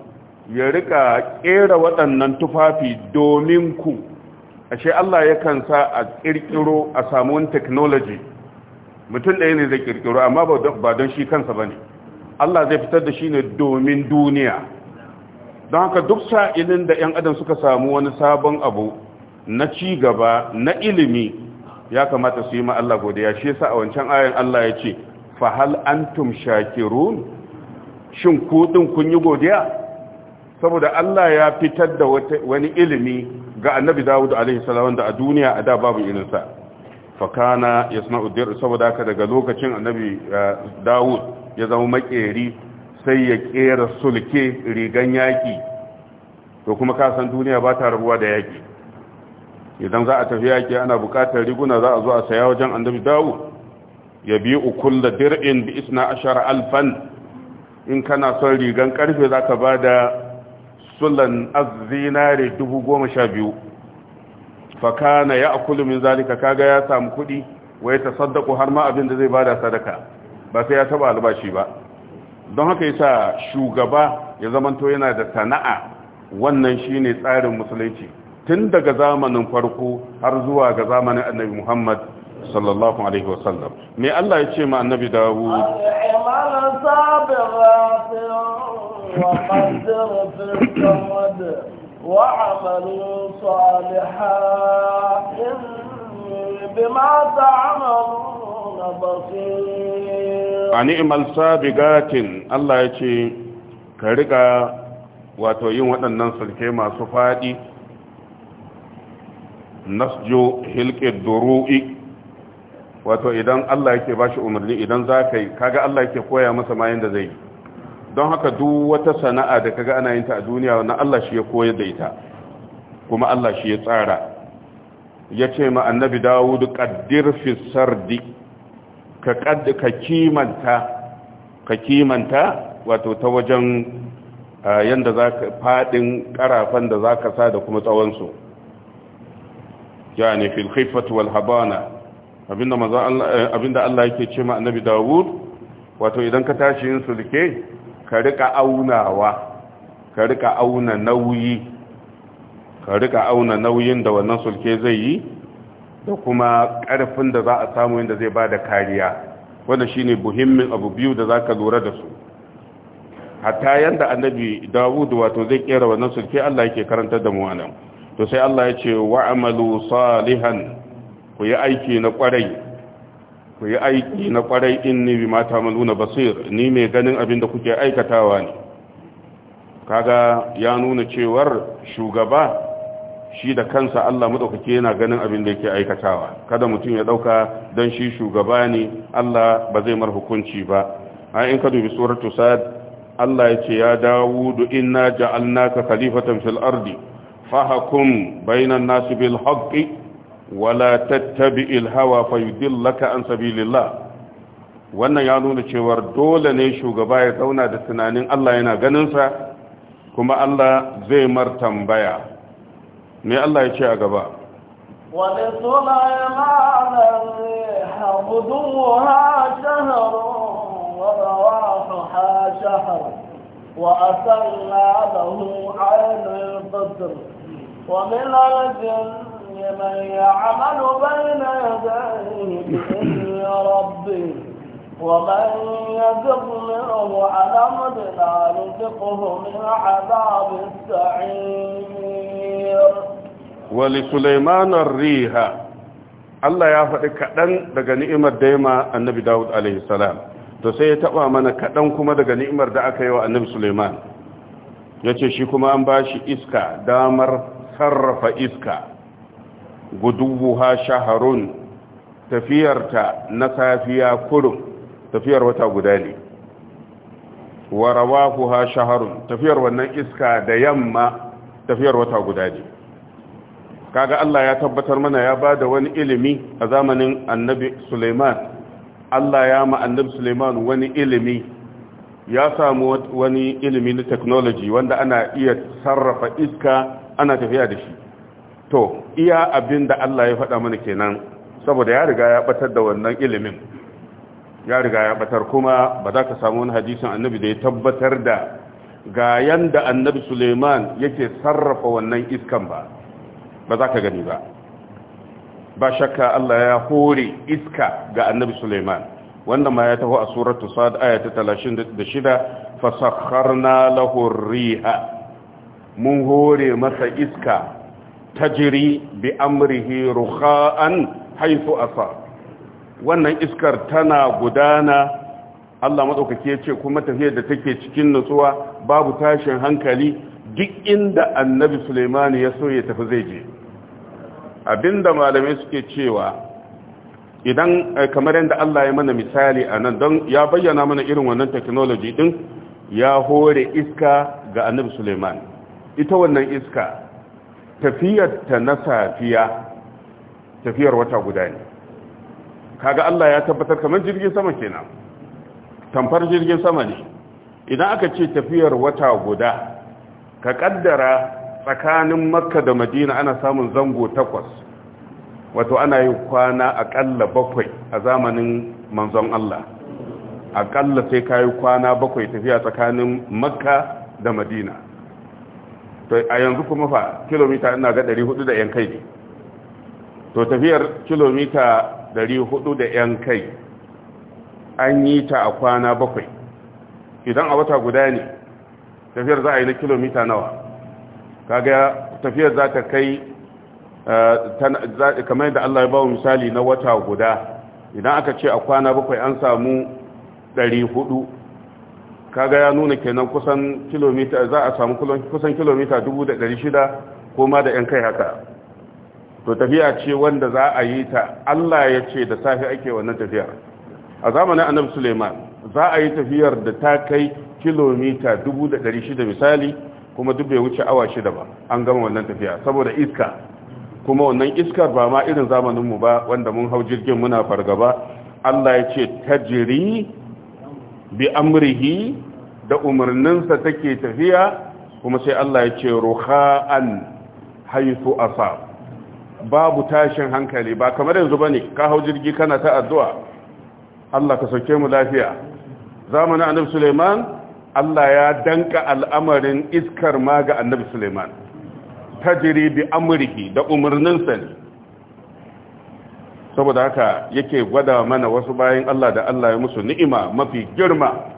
ya rika kera waɗannan tufafi domin ku ashe Allah yakan sa a kirkiro a samu wani technology mutum ɗaya ne zai kirkiro amma ba don shi kansa ba ne Allah zai fitar da shi ne domin duniya don haka duk sa'ilin da 'yan adam suka samu wani sabon abu na ci gaba na ilimi ya kamata su yi ma Allah godiya shi yasa a wancan ayan Allah ya ce fa hal antum shakirun shin ku kun yi godiya saboda Allah ya fitar da wani ilimi ga annabi Dawud alaihi salam a duniya a da babu irin sa fa kana yasna'u dir saboda haka daga lokacin annabi eh, Dawud ya zama makeri sai ya kera sulke rigan yaki to kuma ka san duniya ba ta rabuwa da yaki idan za a tafi yaki ana bukatar riguna za a zo a saya wajen annabi Dawud ya biyu kulla dir'in bi isna ashara alfan in kana son rigan karfe zaka ka ba da sulan azinare dubu goma sha biyu fakana ya akulu min zalika kaga ya samu kudi wai ta saddaku har ma abin da zai ba da sadaka ba sai ya taba albashi ba don haka yasa shugaba ya zamanto yana da sana'a wannan shine tsarin musulunci tun daga zamanin farko har zuwa ga zamanin annabi muhammad sallallahu alaihi wasallam me Allah ya ce ma annabi Dawud وعملوا صالحا بما تعملون بصير عن اعمل سابقات الله يجي كرقا wato yin waɗannan sulke masu faɗi nasjo hilke duru'i wato idan Allah yake ba shi umarni idan za ka yi kaga Allah yake koya masa ma yanda zai yi don haka duk wata sana'a da kaga ana yin ta a duniya na Allah shi ya koyar da ita kuma Allah shi ya tsara ya ce ma annabi Dawud qaddir fi sardi ka kadd ka kimanta ka kimanta wato ta wajen za ka fadin karafan da zaka sa da kuma tsawon su yani fil khifati wal habana Eh, abinda Allah yake ce ma annabi Dawud wato idan ka tashi yin sulke ka rika aunawa ka rika auna nauyi ka rika auna nauyin da wannan sulke zai yi da kuma karfin da za a samu inda zai bada kariya wanda shine muhimmin abu biyu da zaka lura da su hatta yanda annabi Dawud wato zai kera wannan sulke Allah yake karantar da mu anan to sai Allah ya ce wa'amalu salihan ku yi aiki na kwarai ku yi aiki na kwarai ni bi mata maluna basir ni mai ganin abin da kuke aikatawa ne kaga ya nuna cewar shugaba shi da kansa Allah madaukake yana ganin abin da yake aikatawa kada mutum ya dauka dan shi shugaba ne Allah ba zai mar hukunci ba a in ka dubi suratul sad Allah yace ya Dawudu inna ja'alnaka khalifatan fil ardi fahkum bainan nasi bil haqqi wala ilhawa hawa fayudillaka an sabilillah wannan ya nuna cewar dole ne shugaba ya zauna da tunanin Allah yana ganinsa kuma Allah zai mar tambaya me Allah ya ce a gaba ولسليمان الريح غدوها شهر ورواحها شهر وأسلنا له عين القدر ومن الجن من يعمل بين يديه بإذن ربه ومن يزغ منه نزقه من عذاب السعير ولسليمان الريح Allah ya faɗi kaɗan daga ni'imar da yama annabi Dawud alaihi salam to sai ya taɓa mana kaɗan kuma daga ni'imar da aka yi wa annabi Suleiman ya ce shi kuma an ba shi iska damar sarrafa iska gudubuha shaharun tafiyarta na safiya kurum tafiyar wata guda ne wa ha shaharun tafiyar wannan iska da yamma tafiyar wata guda ne kaga Allah ya tabbatar mana ya bada wani ilimi a zamanin Annabi Sulaiman Allah ya ma Annabi Suleiman wani ilimi ya samu wani ilimi na technology wanda ana iya sarrafa iska ana tafiya da shi to iya abin da Allah ya faɗa mana kenan saboda ya riga ya batar da wannan ilimin ya riga ya batar kuma ba za ka samu wani hadisin annabi da ya tabbatar da ga yanda annabi Suleiman yake sarrafa wannan iskan ba ba za ka gani ba ba shakka Allah ya hore iska ga annabi Suleiman wannan ma ya taho a suratu sad aya ta 36 fasakharna lahu riha mun hore masa iska tajiri bi amrihi rukha'an haythu asa wannan iskar tana gudana Allah madaukake yace kuma tafiyar da take cikin nutsuwa babu tashin hankali duk inda annabi Sulaiman ya so ya tafi zai je abinda malamai suke cewa idan eh, kamar yadda Allah ya mana misali a nan don ya bayyana mana irin wannan technology din ya hore iska ga annabi Sulaiman ita wannan iska tafiyar ta na safiya tafiyar wata guda ne kaga Allah ya tabbatar kamar jirgin sama kenan tamfar jirgin sama ne idan aka ce tafiyar wata guda ka kaddara tsakanin makka da madina ana samun zango takwas wato ana yin kwana akalla bakwai a zamanin manzon Allah Aƙalla sai kayi kwana bakwai tafiya tsakanin makka da madina to a yanzu kuma fa kilomita ina ga 400 da yan kai ne to tafiyar kilomita 400 da yan kai an yi ta a kwana bakwai idan a wata guda ne tafiyar za a yi na kilomita nawa kaga tafiyar za ta kai eh, kamar yadda Allah ya ba misali na wata guda idan aka ce a kwana bakwai an samu 400 kaga ya nuna kenan kusan kilomita za a samu kusan kilomita 600 ko ma da 'yan kai haka to tafiya ce wanda za a yi ta Allah ya ce da safi ake wannan tafiya a zamanin annabi Suleiman za a yi tafiyar da ta kai kilomita 600 misali kuma duk bai wuce awa shida ba an gama wannan tafiya saboda iska kuma wannan iskar ba ma irin zamanin mu ba wanda mun hau jirgin muna fargaba Allah ya ce tajiri bi amrihi da umarninsa take tafiya kuma sai Allah ya ce ruha'an haitu asa babu tashin hankali ba kamar yanzu bane ka hau jirgi kana ta addu'a Allah ka sauke mu lafiya zamanin annabi Suleiman Allah ya danka al'amarin iskar ma ga annabi Suleiman tajri bi amrihi da umarninsa ne saboda haka yake gwada mana wasu bayan Allah da Allah ya musu ni'ima mafi girma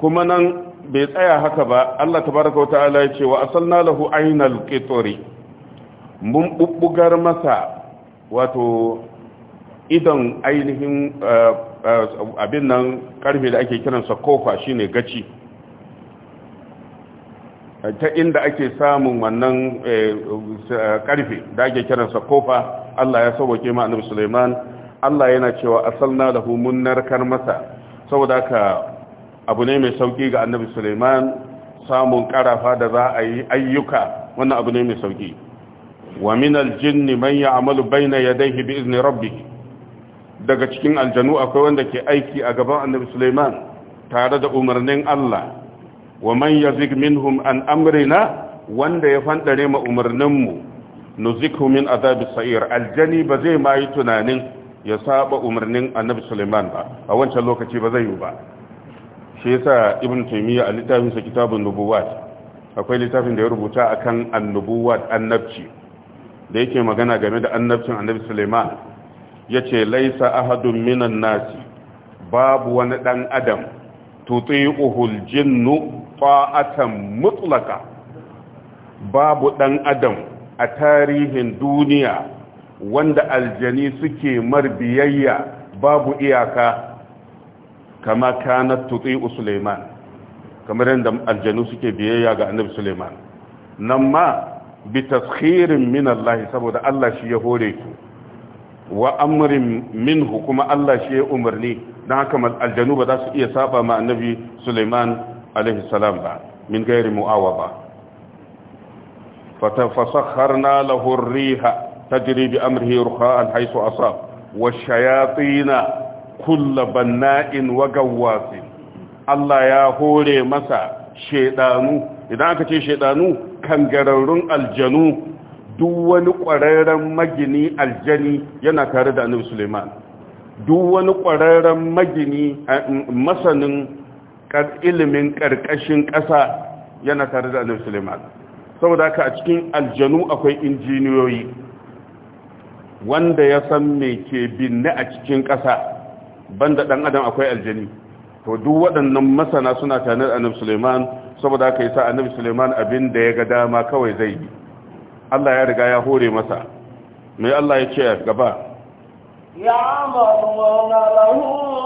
kuma nan bai tsaya haka ba Allah tabaraka wata'ala ya ce wa asalna lahu ainal qitri mun bubbugar masa wato idan ainihin eh, eh, abin nan karfe da ake kiransa kofa shine gaci ta inda ake samun wannan eh, karfe da ake kiransa kofa Allah ya sauwake ma annabi Sulaiman Allah yana cewa asalna lahu mun narkar masa saboda ka abu ne mai sauki ga annabi suleiman samun karafa da za a yi ayyuka wannan abu ne mai sauki wa min aljinni man ya'malu bayna yadayhi bi izni rabbih daga cikin aljanu akwai wanda ke aiki a gaban annabi suleiman tare da umarnin Allah wa man yazig minhum an amrina wanda ya fandare ma umarninmu nuzikhu min azab sa'ir aljani ba zai ma yi tunanin ya saba umarnin annabi suleiman ba a wancan lokaci ba zai yi ba shi yasa ibn taymiya a littafin sa kitabun nubuwat akwai littafin da ya rubuta akan annubuwat annabci da yake magana game da annabcin annabi Suleiman yace laisa ahadun minan nasi babu wani dan adam tuti'uhul aljinnu fa'atan mutlaka babu dan adam a tarihin duniya wanda aljani suke marbiyayya babu iyaka كما كانت تطيع سليمان كما رأينا الجنوس كي بيه ياغا النبي سليمان نما بتسخير من الله سبحانه وتعالى الله شي يهوريك وأمر منه كما الله شي أمرني نعكم الجنوب داس إيسابة مع النبي سليمان عليه السلام با من غير مؤاوضة فسخرنا له الريح تجري بأمره رخاء حيث أصاب والشياطين kulla banna'in wa gawwasin Allah ya hore masa shedanu idan aka ce shedanu kangararrun aljanu duk wani ƙwararren magini aljani yana tare da annabi Suleiman duk wani ƙwararren magini eh, masanin ilimin ƙarƙashin ƙasa yana tare da annabi Suleiman saboda haka a cikin aljanu akwai injiniyoyi wanda ya san me ke binne a cikin ƙasa banda dan adam akwai aljani to duk waɗannan masana suna tanar annabi Suleiman saboda haka yasa annabi Suleiman abin da ya ga dama kawai zai yi Allah ya riga ya hore masa mai Allah ya ce a gaba يعملون له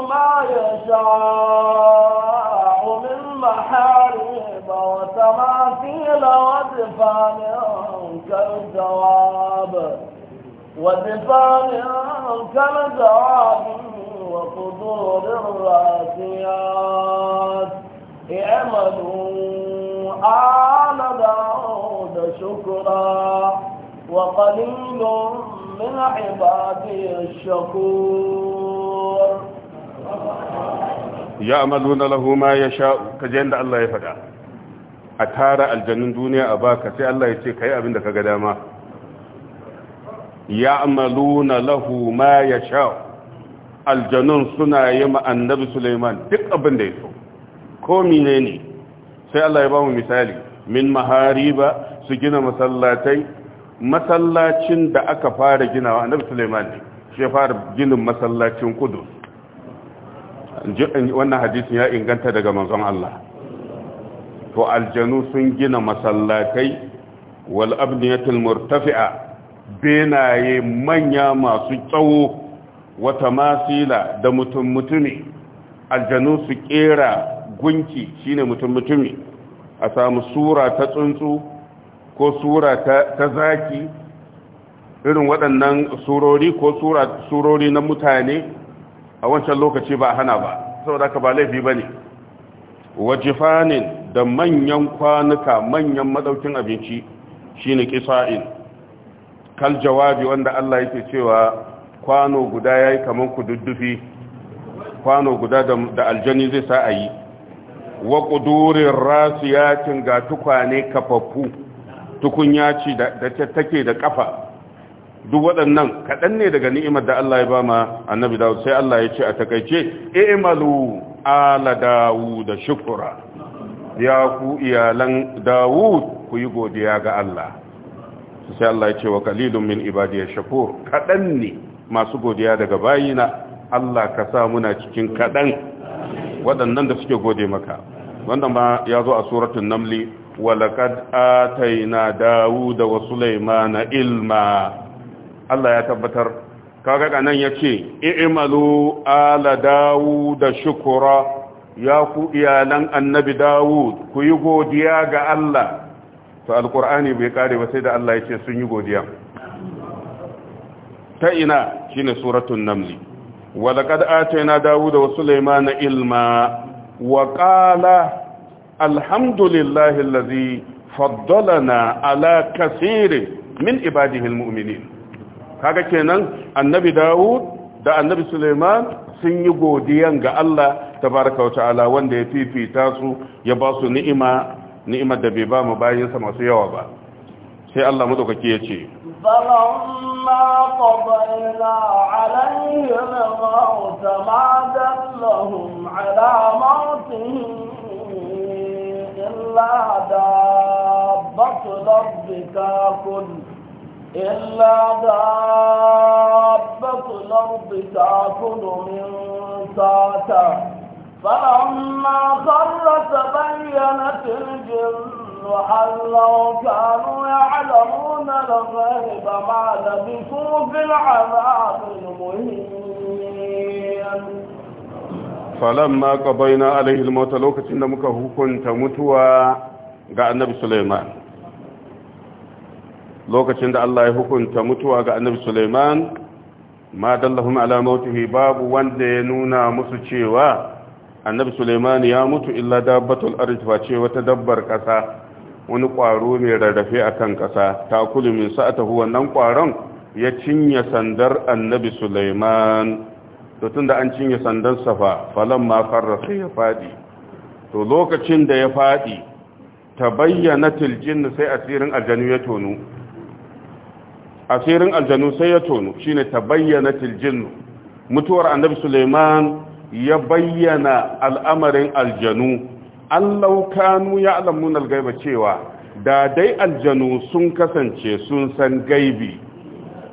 ما wa من محارب وتماثيل ودفان كالجواب ودفان كالجواب وقدور الراسيات اعملوا آل داود شكرا وقليل من عبادي الشكور يعملون له ما يشاء كجين الله يفقع أتارى الجنون الدنيا أباك سي الله يتيك هي أبنك قداما يعملون له ما يشاء aljanun suna yi ma annabi duk abin da ya so ko mine ne sai Allah ya ba mu misali min mahariba su gina masallatai masallacin da aka fara ginawa annabi suleiman ne shi fara ginin masallacin kudu wannan hadisin ya inganta daga manzon Allah to aljanu sun gina masallatai wal abniyatul murtafi'a benaye manya masu tsawo wata masila da mutum mutumi aljanu su kera gunki shine mutum mutumi a samu sura ta tsuntsu ko sura ta zaki irin waɗannan surori ko surori na mutane a wancan lokaci ba hana ba saboda ka ba laifi ba ne wajifanin da manyan kwanuka manyan madaukin abinci shine kisa'in kal jawabi wanda Allah yake cewa kwano guda ya yi kamar kududdufi kwano guda da aljani zai sa a yi wa ƙudurin rasu cin ga tukwane kafaffu tukunya ce da take da kafa duk waɗannan kaɗan ne daga ni'imar da Allah ya ba ma annabi dawud sai Allah ya ce a takaice i'malu ala dawud da shukura ya ku iyalan dawud ku yi godiya ga Allah sai Allah ya ce wa kalilun min ibadiyash shakur kaɗan ne masu godiya daga bayina Allah ka sa muna cikin kaɗan waɗannan da suke gode maka wannan ma ya zo a suratun namli walakad ataina dawuda wa sulaimana ilma Allah ya tabbatar kaga kanan yace i'malu ala dawuda shukura ya ku iyalan annabi dawud ku yi godiya ga Allah to alqur'ani bai kare ba sai da Allah yace sun yi godiya ta ina shine suratun namli wa laqad atayna dawuda wa sulaymana ilma wa qala alhamdulillahi allazi faddalana ala kaseerin min ibadihi mumini kaga kenan annabi dawo da annabi suleiman sun yi godiyan ga Allah wata ala wanda ya fifita su ya ba su ni'ima da bai ba mu bayansa masu yawa ba sai Allah madaukake ya ce فلما قضينا عليه الموت ما دلهم على موته إلا دابة الأرض تأكل إلا دابة الأرض تأكل من ساته فلما خر تبينت الجن أن لو كانوا يعلمون لغيب ما لبثوا في العذاب المهين فلما قضينا عليه الموت لوكتين da muka hukunta mutuwa ga annabi Sulaiman lokacin da Allah ya hukunta mutuwa ga annabi Suleiman, ma dallahum ala mautihi babu wanda ya nuna musu cewa annabi Suleiman ya mutu illa dabbatul ardi fa ce wata dabbar kasa wani ƙwaro mai rarrafe a kan ƙasa ta kulu min sa'ata nan ƙwaron ya cinye sandar annabi Sulaiman to tun da an cinye sandar safa falon ma farra sai ya fadi to lokacin da ya fadi tabayyanatil jinnu sai asirin aljanu ya tonu asirin aljanu sai ya tonu shine bayyana jinnu mutuwar annabi Sulaiman ya bayyana al'amarin aljanu allau kanu ya'lamuna al gaiba cewa da dai aljanu sun kasance sun san gaibi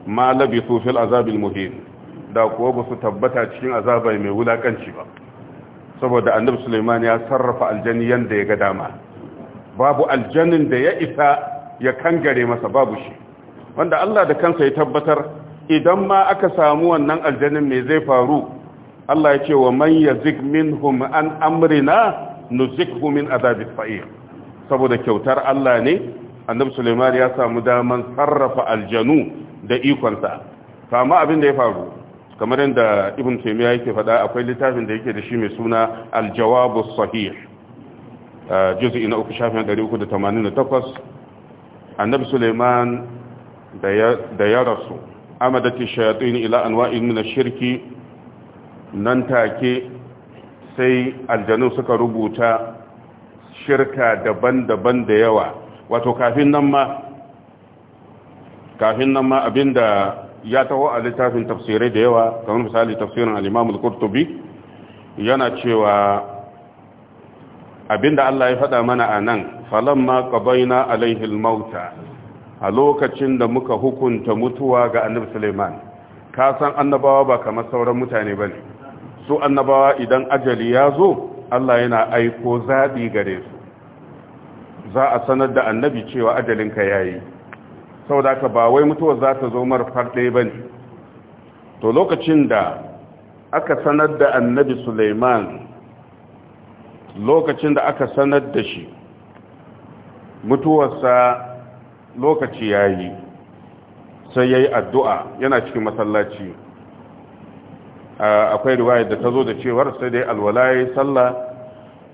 ma labithu fil azabil da kuwa ba su tabbata cikin azaba mai wulakanci ba saboda annabi suleiman ya sarrafa aljani yanda ya ga dama babu aljanin da ya isa ya kangare masa babu shi wanda Allah da kansa ya tabbatar idan ma aka samu wannan aljanin me zai faru Allah ya ce wa manya yazig an amrina nuzikhu min azabil fa'ir saboda kyautar Allah ne annabi Sulaiman ya samu daman sarrafa aljanu da ikonsa kama abin da ya faru kamar yadda ibn taymiya yake faɗa akwai littafin da yake da shi mai suna aljawabus sahih juz'i na uku shafin 388 annabi Sulaiman da ya rasu amadati shayatin ila anwa'in min ash-shirki nan take sai aljanu suka rubuta shirka daban-daban da yawa wato kafin nan ma kafin nan ma abinda ya taho a littafin tafsirai da yawa kamar misali tafsirin al kurtubi yana cewa abinda Allah ya faɗa mana a nan falamma qabaina alaihi al-mauta a lokacin da muka hukunta mutuwa ga annabi Suleiman ka san annabawa ba kamar sauran mutane bane su annabawa idan ajali ya zo Allah yana aiko zaɓi gare su za a sanar da annabi cewa ajalinka ya yi sau da ba wai mutuwar za ta zo marfar ɗaya ba ne to lokacin da aka sanar da annabi suleiman lokacin da aka sanar da shi mutuwarsa lokaci ya yi sai ya yi addu'a yana cikin masallaci akwai riwayar da ta zo da cewar sai dai alwala sallah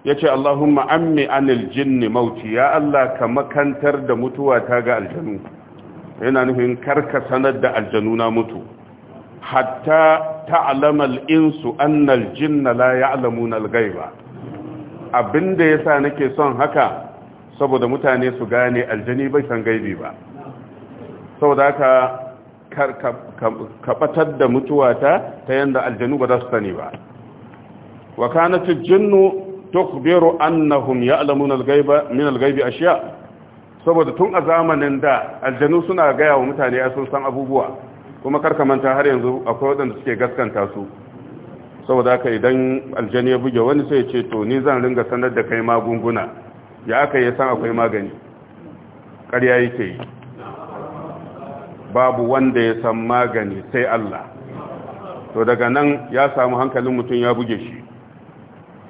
ya ce allahumma ammi anil jinni mauti ya allah ka makantar da mutuwa ta ga aljanu yana nufin karka sanar da aljanu na mutu hatta ta'lama al-insu anna al-jinna la ya'lamuna al-ghaiba abinda yasa nake son haka saboda mutane su gane aljani bai san gaibi ba saboda haka kabatar da mutuwata ta yanda aljanu ba za su sani ba wa kanat jinnu tukhbiru annahum ya'lamuna al-ghaiba min al-ghaibi ashiya saboda tun a zamanin da aljanu suna gaya wa mutane ya sun san abubuwa kuma karka manta har yanzu akwai waɗanda suke gaskanta su saboda haka idan aljani ya buge wani sai ce to ni zan ringa sanar da kai magunguna ya aka yi san akwai magani ƙarya yake yi babu wanda ya san magani sai Allah to daga nan ya samu hankalin mutum ya buge shi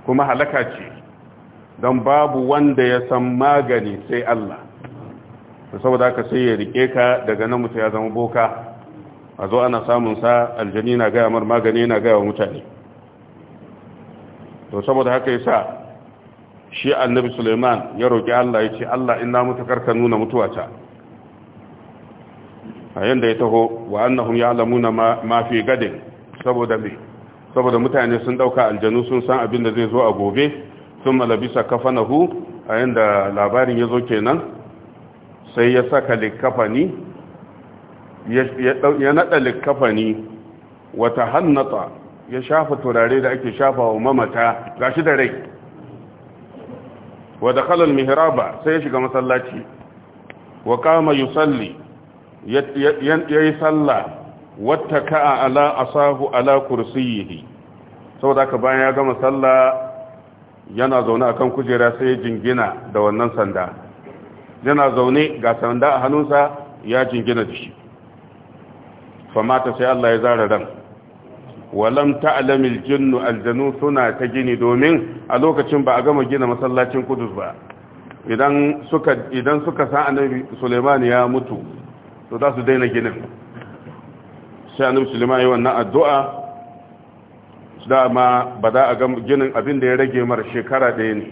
kuma halaka ce don babu wanda ya san magani sai Allah saboda haka sai ya rike ka daga nan mutum ya zama boka a zo ana samun sa aljani na gaya mar magani na gaya wa mutane to saboda haka yasa shi annabi Suleiman ya roƙi Allah ya ce Allah ina mutakar ka nuna mutuwata a yadda ya taho wa annahum ya'lamuna ma fi gadin saboda saboda mutane sun dauka aljanu sun san abin da zai zo a gobe sun malabisa kafanahu a yadda labarin ya zo kenan sai ya saka likafani ya nada likafani wata hannata ya shafa turare da ake shafa wa mamata gashi da rai wa dakhala al-mihraba sai ya shiga masallaci wa qama yusalli ya yi sallah wata ka'a ala asahu ala kursiyihi saboda aka bayan ya gama sallah yana zaune akan kujera sai ya jingina da wannan sanda yana zaune ga sanda a hannunsa ya jingina da shi famata sai Allah ya zara ran walam ta'lamil jinnu aljanu suna ta gini domin a lokacin ba a gama gina masallacin kudus ba idan suka idan suka san annabi Suleiman ya mutu to za su daina ginin sai annabi sulaiman yi wannan addu'a dama ba za a ga ginin abin da ya rage mara shekara ɗaya ne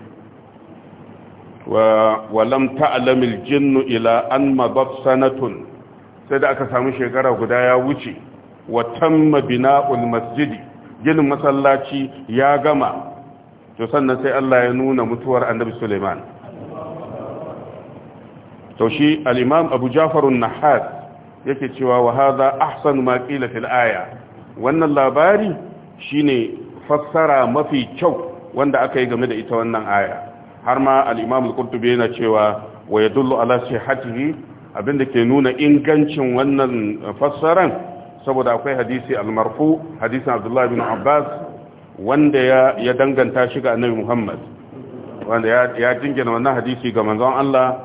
wa lam ta'lamil jinnu ila an madat sanatun sai da aka samu shekara guda ya wuce wa tamma bina'ul masjidi ginin masallaci ya gama to sannan sai Allah ya nuna mutuwar annabi Suleiman. to shi al abu jafarun nahas yake cewa wa ahsan ahsanu ma qila wannan labari shine fassara mafi kyau wanda aka yi game da ita wannan aya har ma al-imam yana cewa wa dullu ala hajji abinda ke nuna ingancin wannan fassaran saboda akwai hadisi almarfu hadisin abdullahi bin abbas wanda ya danganta shi annabi muhammad wanda ya jingina wannan hadisi ga manzon Allah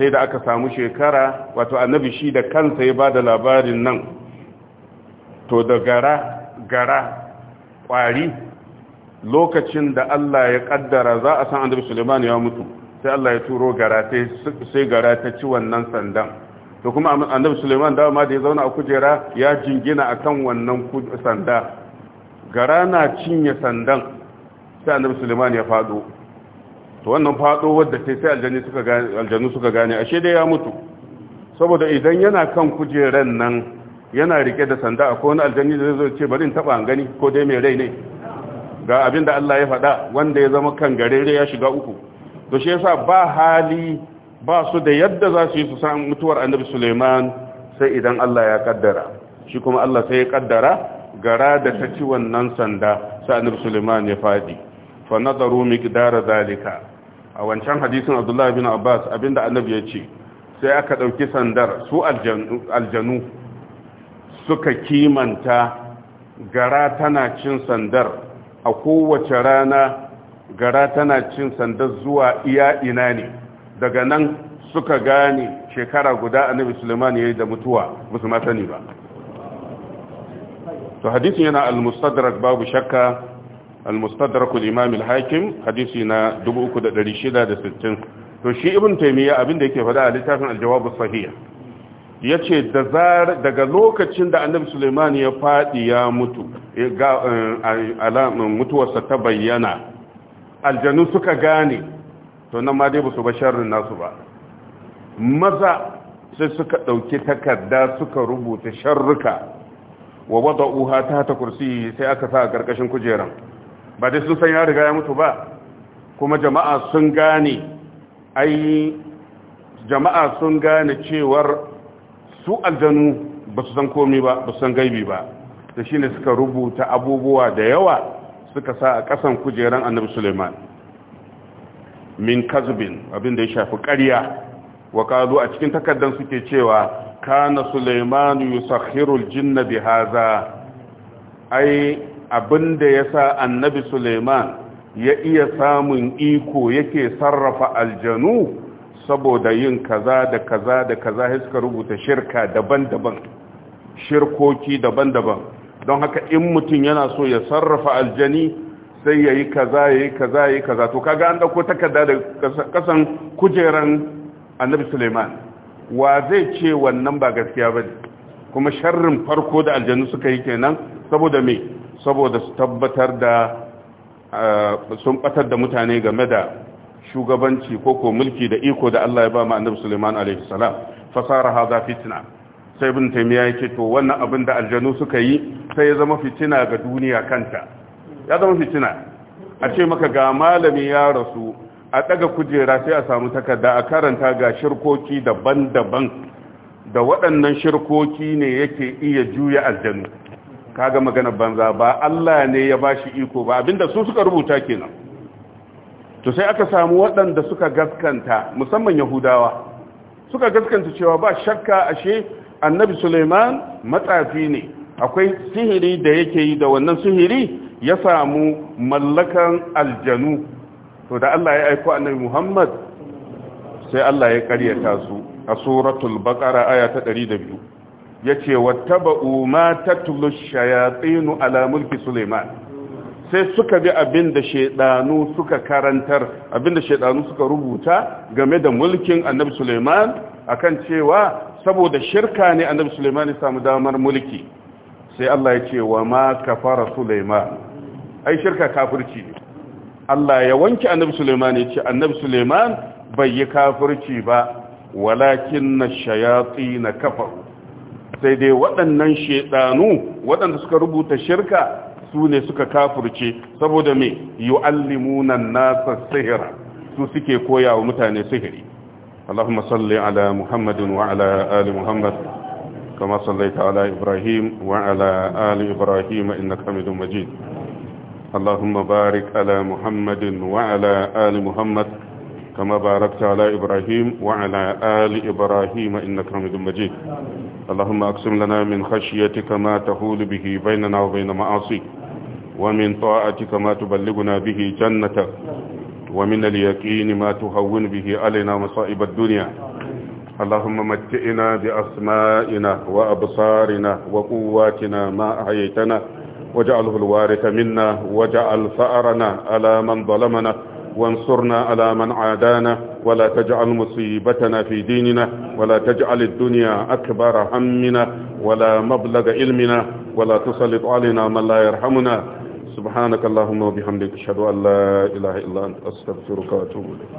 sai da aka samu shekara wato annabi shi da kansa ya ba da labarin nan to da gara gara kwari lokacin da Allah ya kaddara za a san annabi Suleiman ya mutu sai Allah ya turo gara sai gara ta ci wannan sandan to kuma annabi Suleiman da ma da ya zauna a kujera ya jingina akan wannan sanda gara na cinye sandan sai annabi Suleiman ya fado to wannan fado wadda sai sai aljanni suka gane suka gane ashe dai ya mutu saboda idan yana kan kujeran nan yana rike da sanda akwai wani aljanni da zai ce bari in taba an gani ko dai mai rai ne ga abin da Allah ya faɗa wanda ya zama kan garere ya shiga uku to shi yasa ba hali ba su da yadda za su yi su san mutuwar annabi Suleiman sai idan Allah ya kaddara shi kuma Allah sai ya kaddara gara da ta ci wannan sanda sai annabi Suleiman ya fadi fa nazaru miqdara zalika a wancan hadisin Abdullahi bin Abbas abinda annabi ya ce sai aka ɗauki sandar su aljanu suka kimanta gara tana cin sandar a kowace rana gara tana cin sandar zuwa iya ina ne daga nan suka gane shekara guda annabi ya yi da mutuwa musu ma sani ba to hadisin yana al-mustadrak babu shakka al-mustadrak al-imam al-hakim hadisi na 3660 to shi ibn taymiya abinda da yake faɗa a littafin al-jawab yace da zar daga lokacin da annabi suleiman ya fadi ya mutu ga alamun mutuwarsa ta bayyana aljanu suka gane to nan ma dai ba su ba sharrin nasu ba maza sai suka dauki takarda suka rubuta sharruka wa wada'uha ta ta kursi sai aka sa a karkashin kujeran ba dai sun san ya riga ya mutu ba kuma jama'a sun gane ai jama'a sun gane cewar su aljanu ba su san komi ba ba san gaibi ba da shine suka rubuta abubuwa da yawa suka sa a kasan kujeran annabi suleiman min kazbin abinda ya shafi ƙarya wa kazo a cikin takardan suke cewa kana suleiman yusakhirul jinna bihaza ai abin da ya sa annabi suleiman ya iya samun iko yake sarrafa aljanu saboda yin kaza da kaza da kaza haska rubuta shirka daban-daban shirkoki daban-daban don haka in mutum yana so ya sarrafa aljani sai ya yi kaza ya yi kaza ya yi kaza to kaga an dauko takarda da kasan kujeran annabi suleiman wa zai ce wannan ba gaskiya ba kuma sharrin farko da aljanu suka yi kenan saboda me saboda su tabbatar da sun batar da mutane game da shugabanci ko ko mulki da iko da Allah ya ba mu annabi Sulaiman alaihi salam fasara hada fitna sai ibn taymiya yake to wannan abin da aljanu suka yi sai ya zama fitina ga duniya kanta ya zama fitina a ce maka ga malami ya rasu a daga kujera sai a samu takarda a karanta ga shirkoki daban-daban da waɗannan shirkoki ne yake iya juya aljanu kaga magana banza ba Allah ne ya bashi iko ba abinda su suka rubuta kenan to sai aka samu waɗanda suka gaskanta musamman yahudawa suka gaskanta cewa ba shakka ashe annabi suleiman matsafi ne akwai sihiri da yake yi da wannan sihiri ya samu mallakan aljanu to da Allah ya aiko annabi muhammad sai Allah ya karyata su a suratul baqara aya ta 102 yace wattaba'u ma tatlu shayatin ala mulki suleiman sai suka bi abinda shedanu suka karantar abinda shedanu suka rubuta game da mulkin Annabi suleiman akan cewa saboda shirka ne Annabi suleiman ya samu damar mulki sai Allah ya ce wa ma kafara suleiman ai shirka kafirci ne Allah ya wanke Annabi suleiman ya ce Annabi suleiman bai yi kafirci ba walakin na shayatin kafaru sai dai waɗannan shaidanu waɗanda suka rubuta shirka su ne suka kafurce saboda me yu'allimuna nasa sihira su suke koya wa mutane sihiri Allahumma salli ala Muhammadin wa ala ali Muhammad kama sallaita ala Ibrahim wa ala ali Ibrahim innaka Hamidum Majid muhammadin بارك على محمد وعلى آل محمد ala ibrahim على إبراهيم وعلى آل إبراهيم إنك حميد مجيد اللهم أقسم لنا من خشيتك ما تحول به بيننا وبين معاصيك ومن طاعتك ما تبلغنا به جنتك ومن اليقين ما تهون به علينا مصائب الدنيا اللهم متئنا بأسمائنا وأبصارنا وقواتنا ما أحييتنا واجعله الوارث منا واجعل ثأرنا على من ظلمنا وانصرنا على من عادانا ولا تجعل مصيبتنا في ديننا ولا تجعل الدنيا أكبر همنا ولا مبلغ علمنا ولا تسلط علينا من لا يرحمنا سبحانك اللهم وبحمدك اشهد ان لا اله الا انت استغفرك واتوب اليك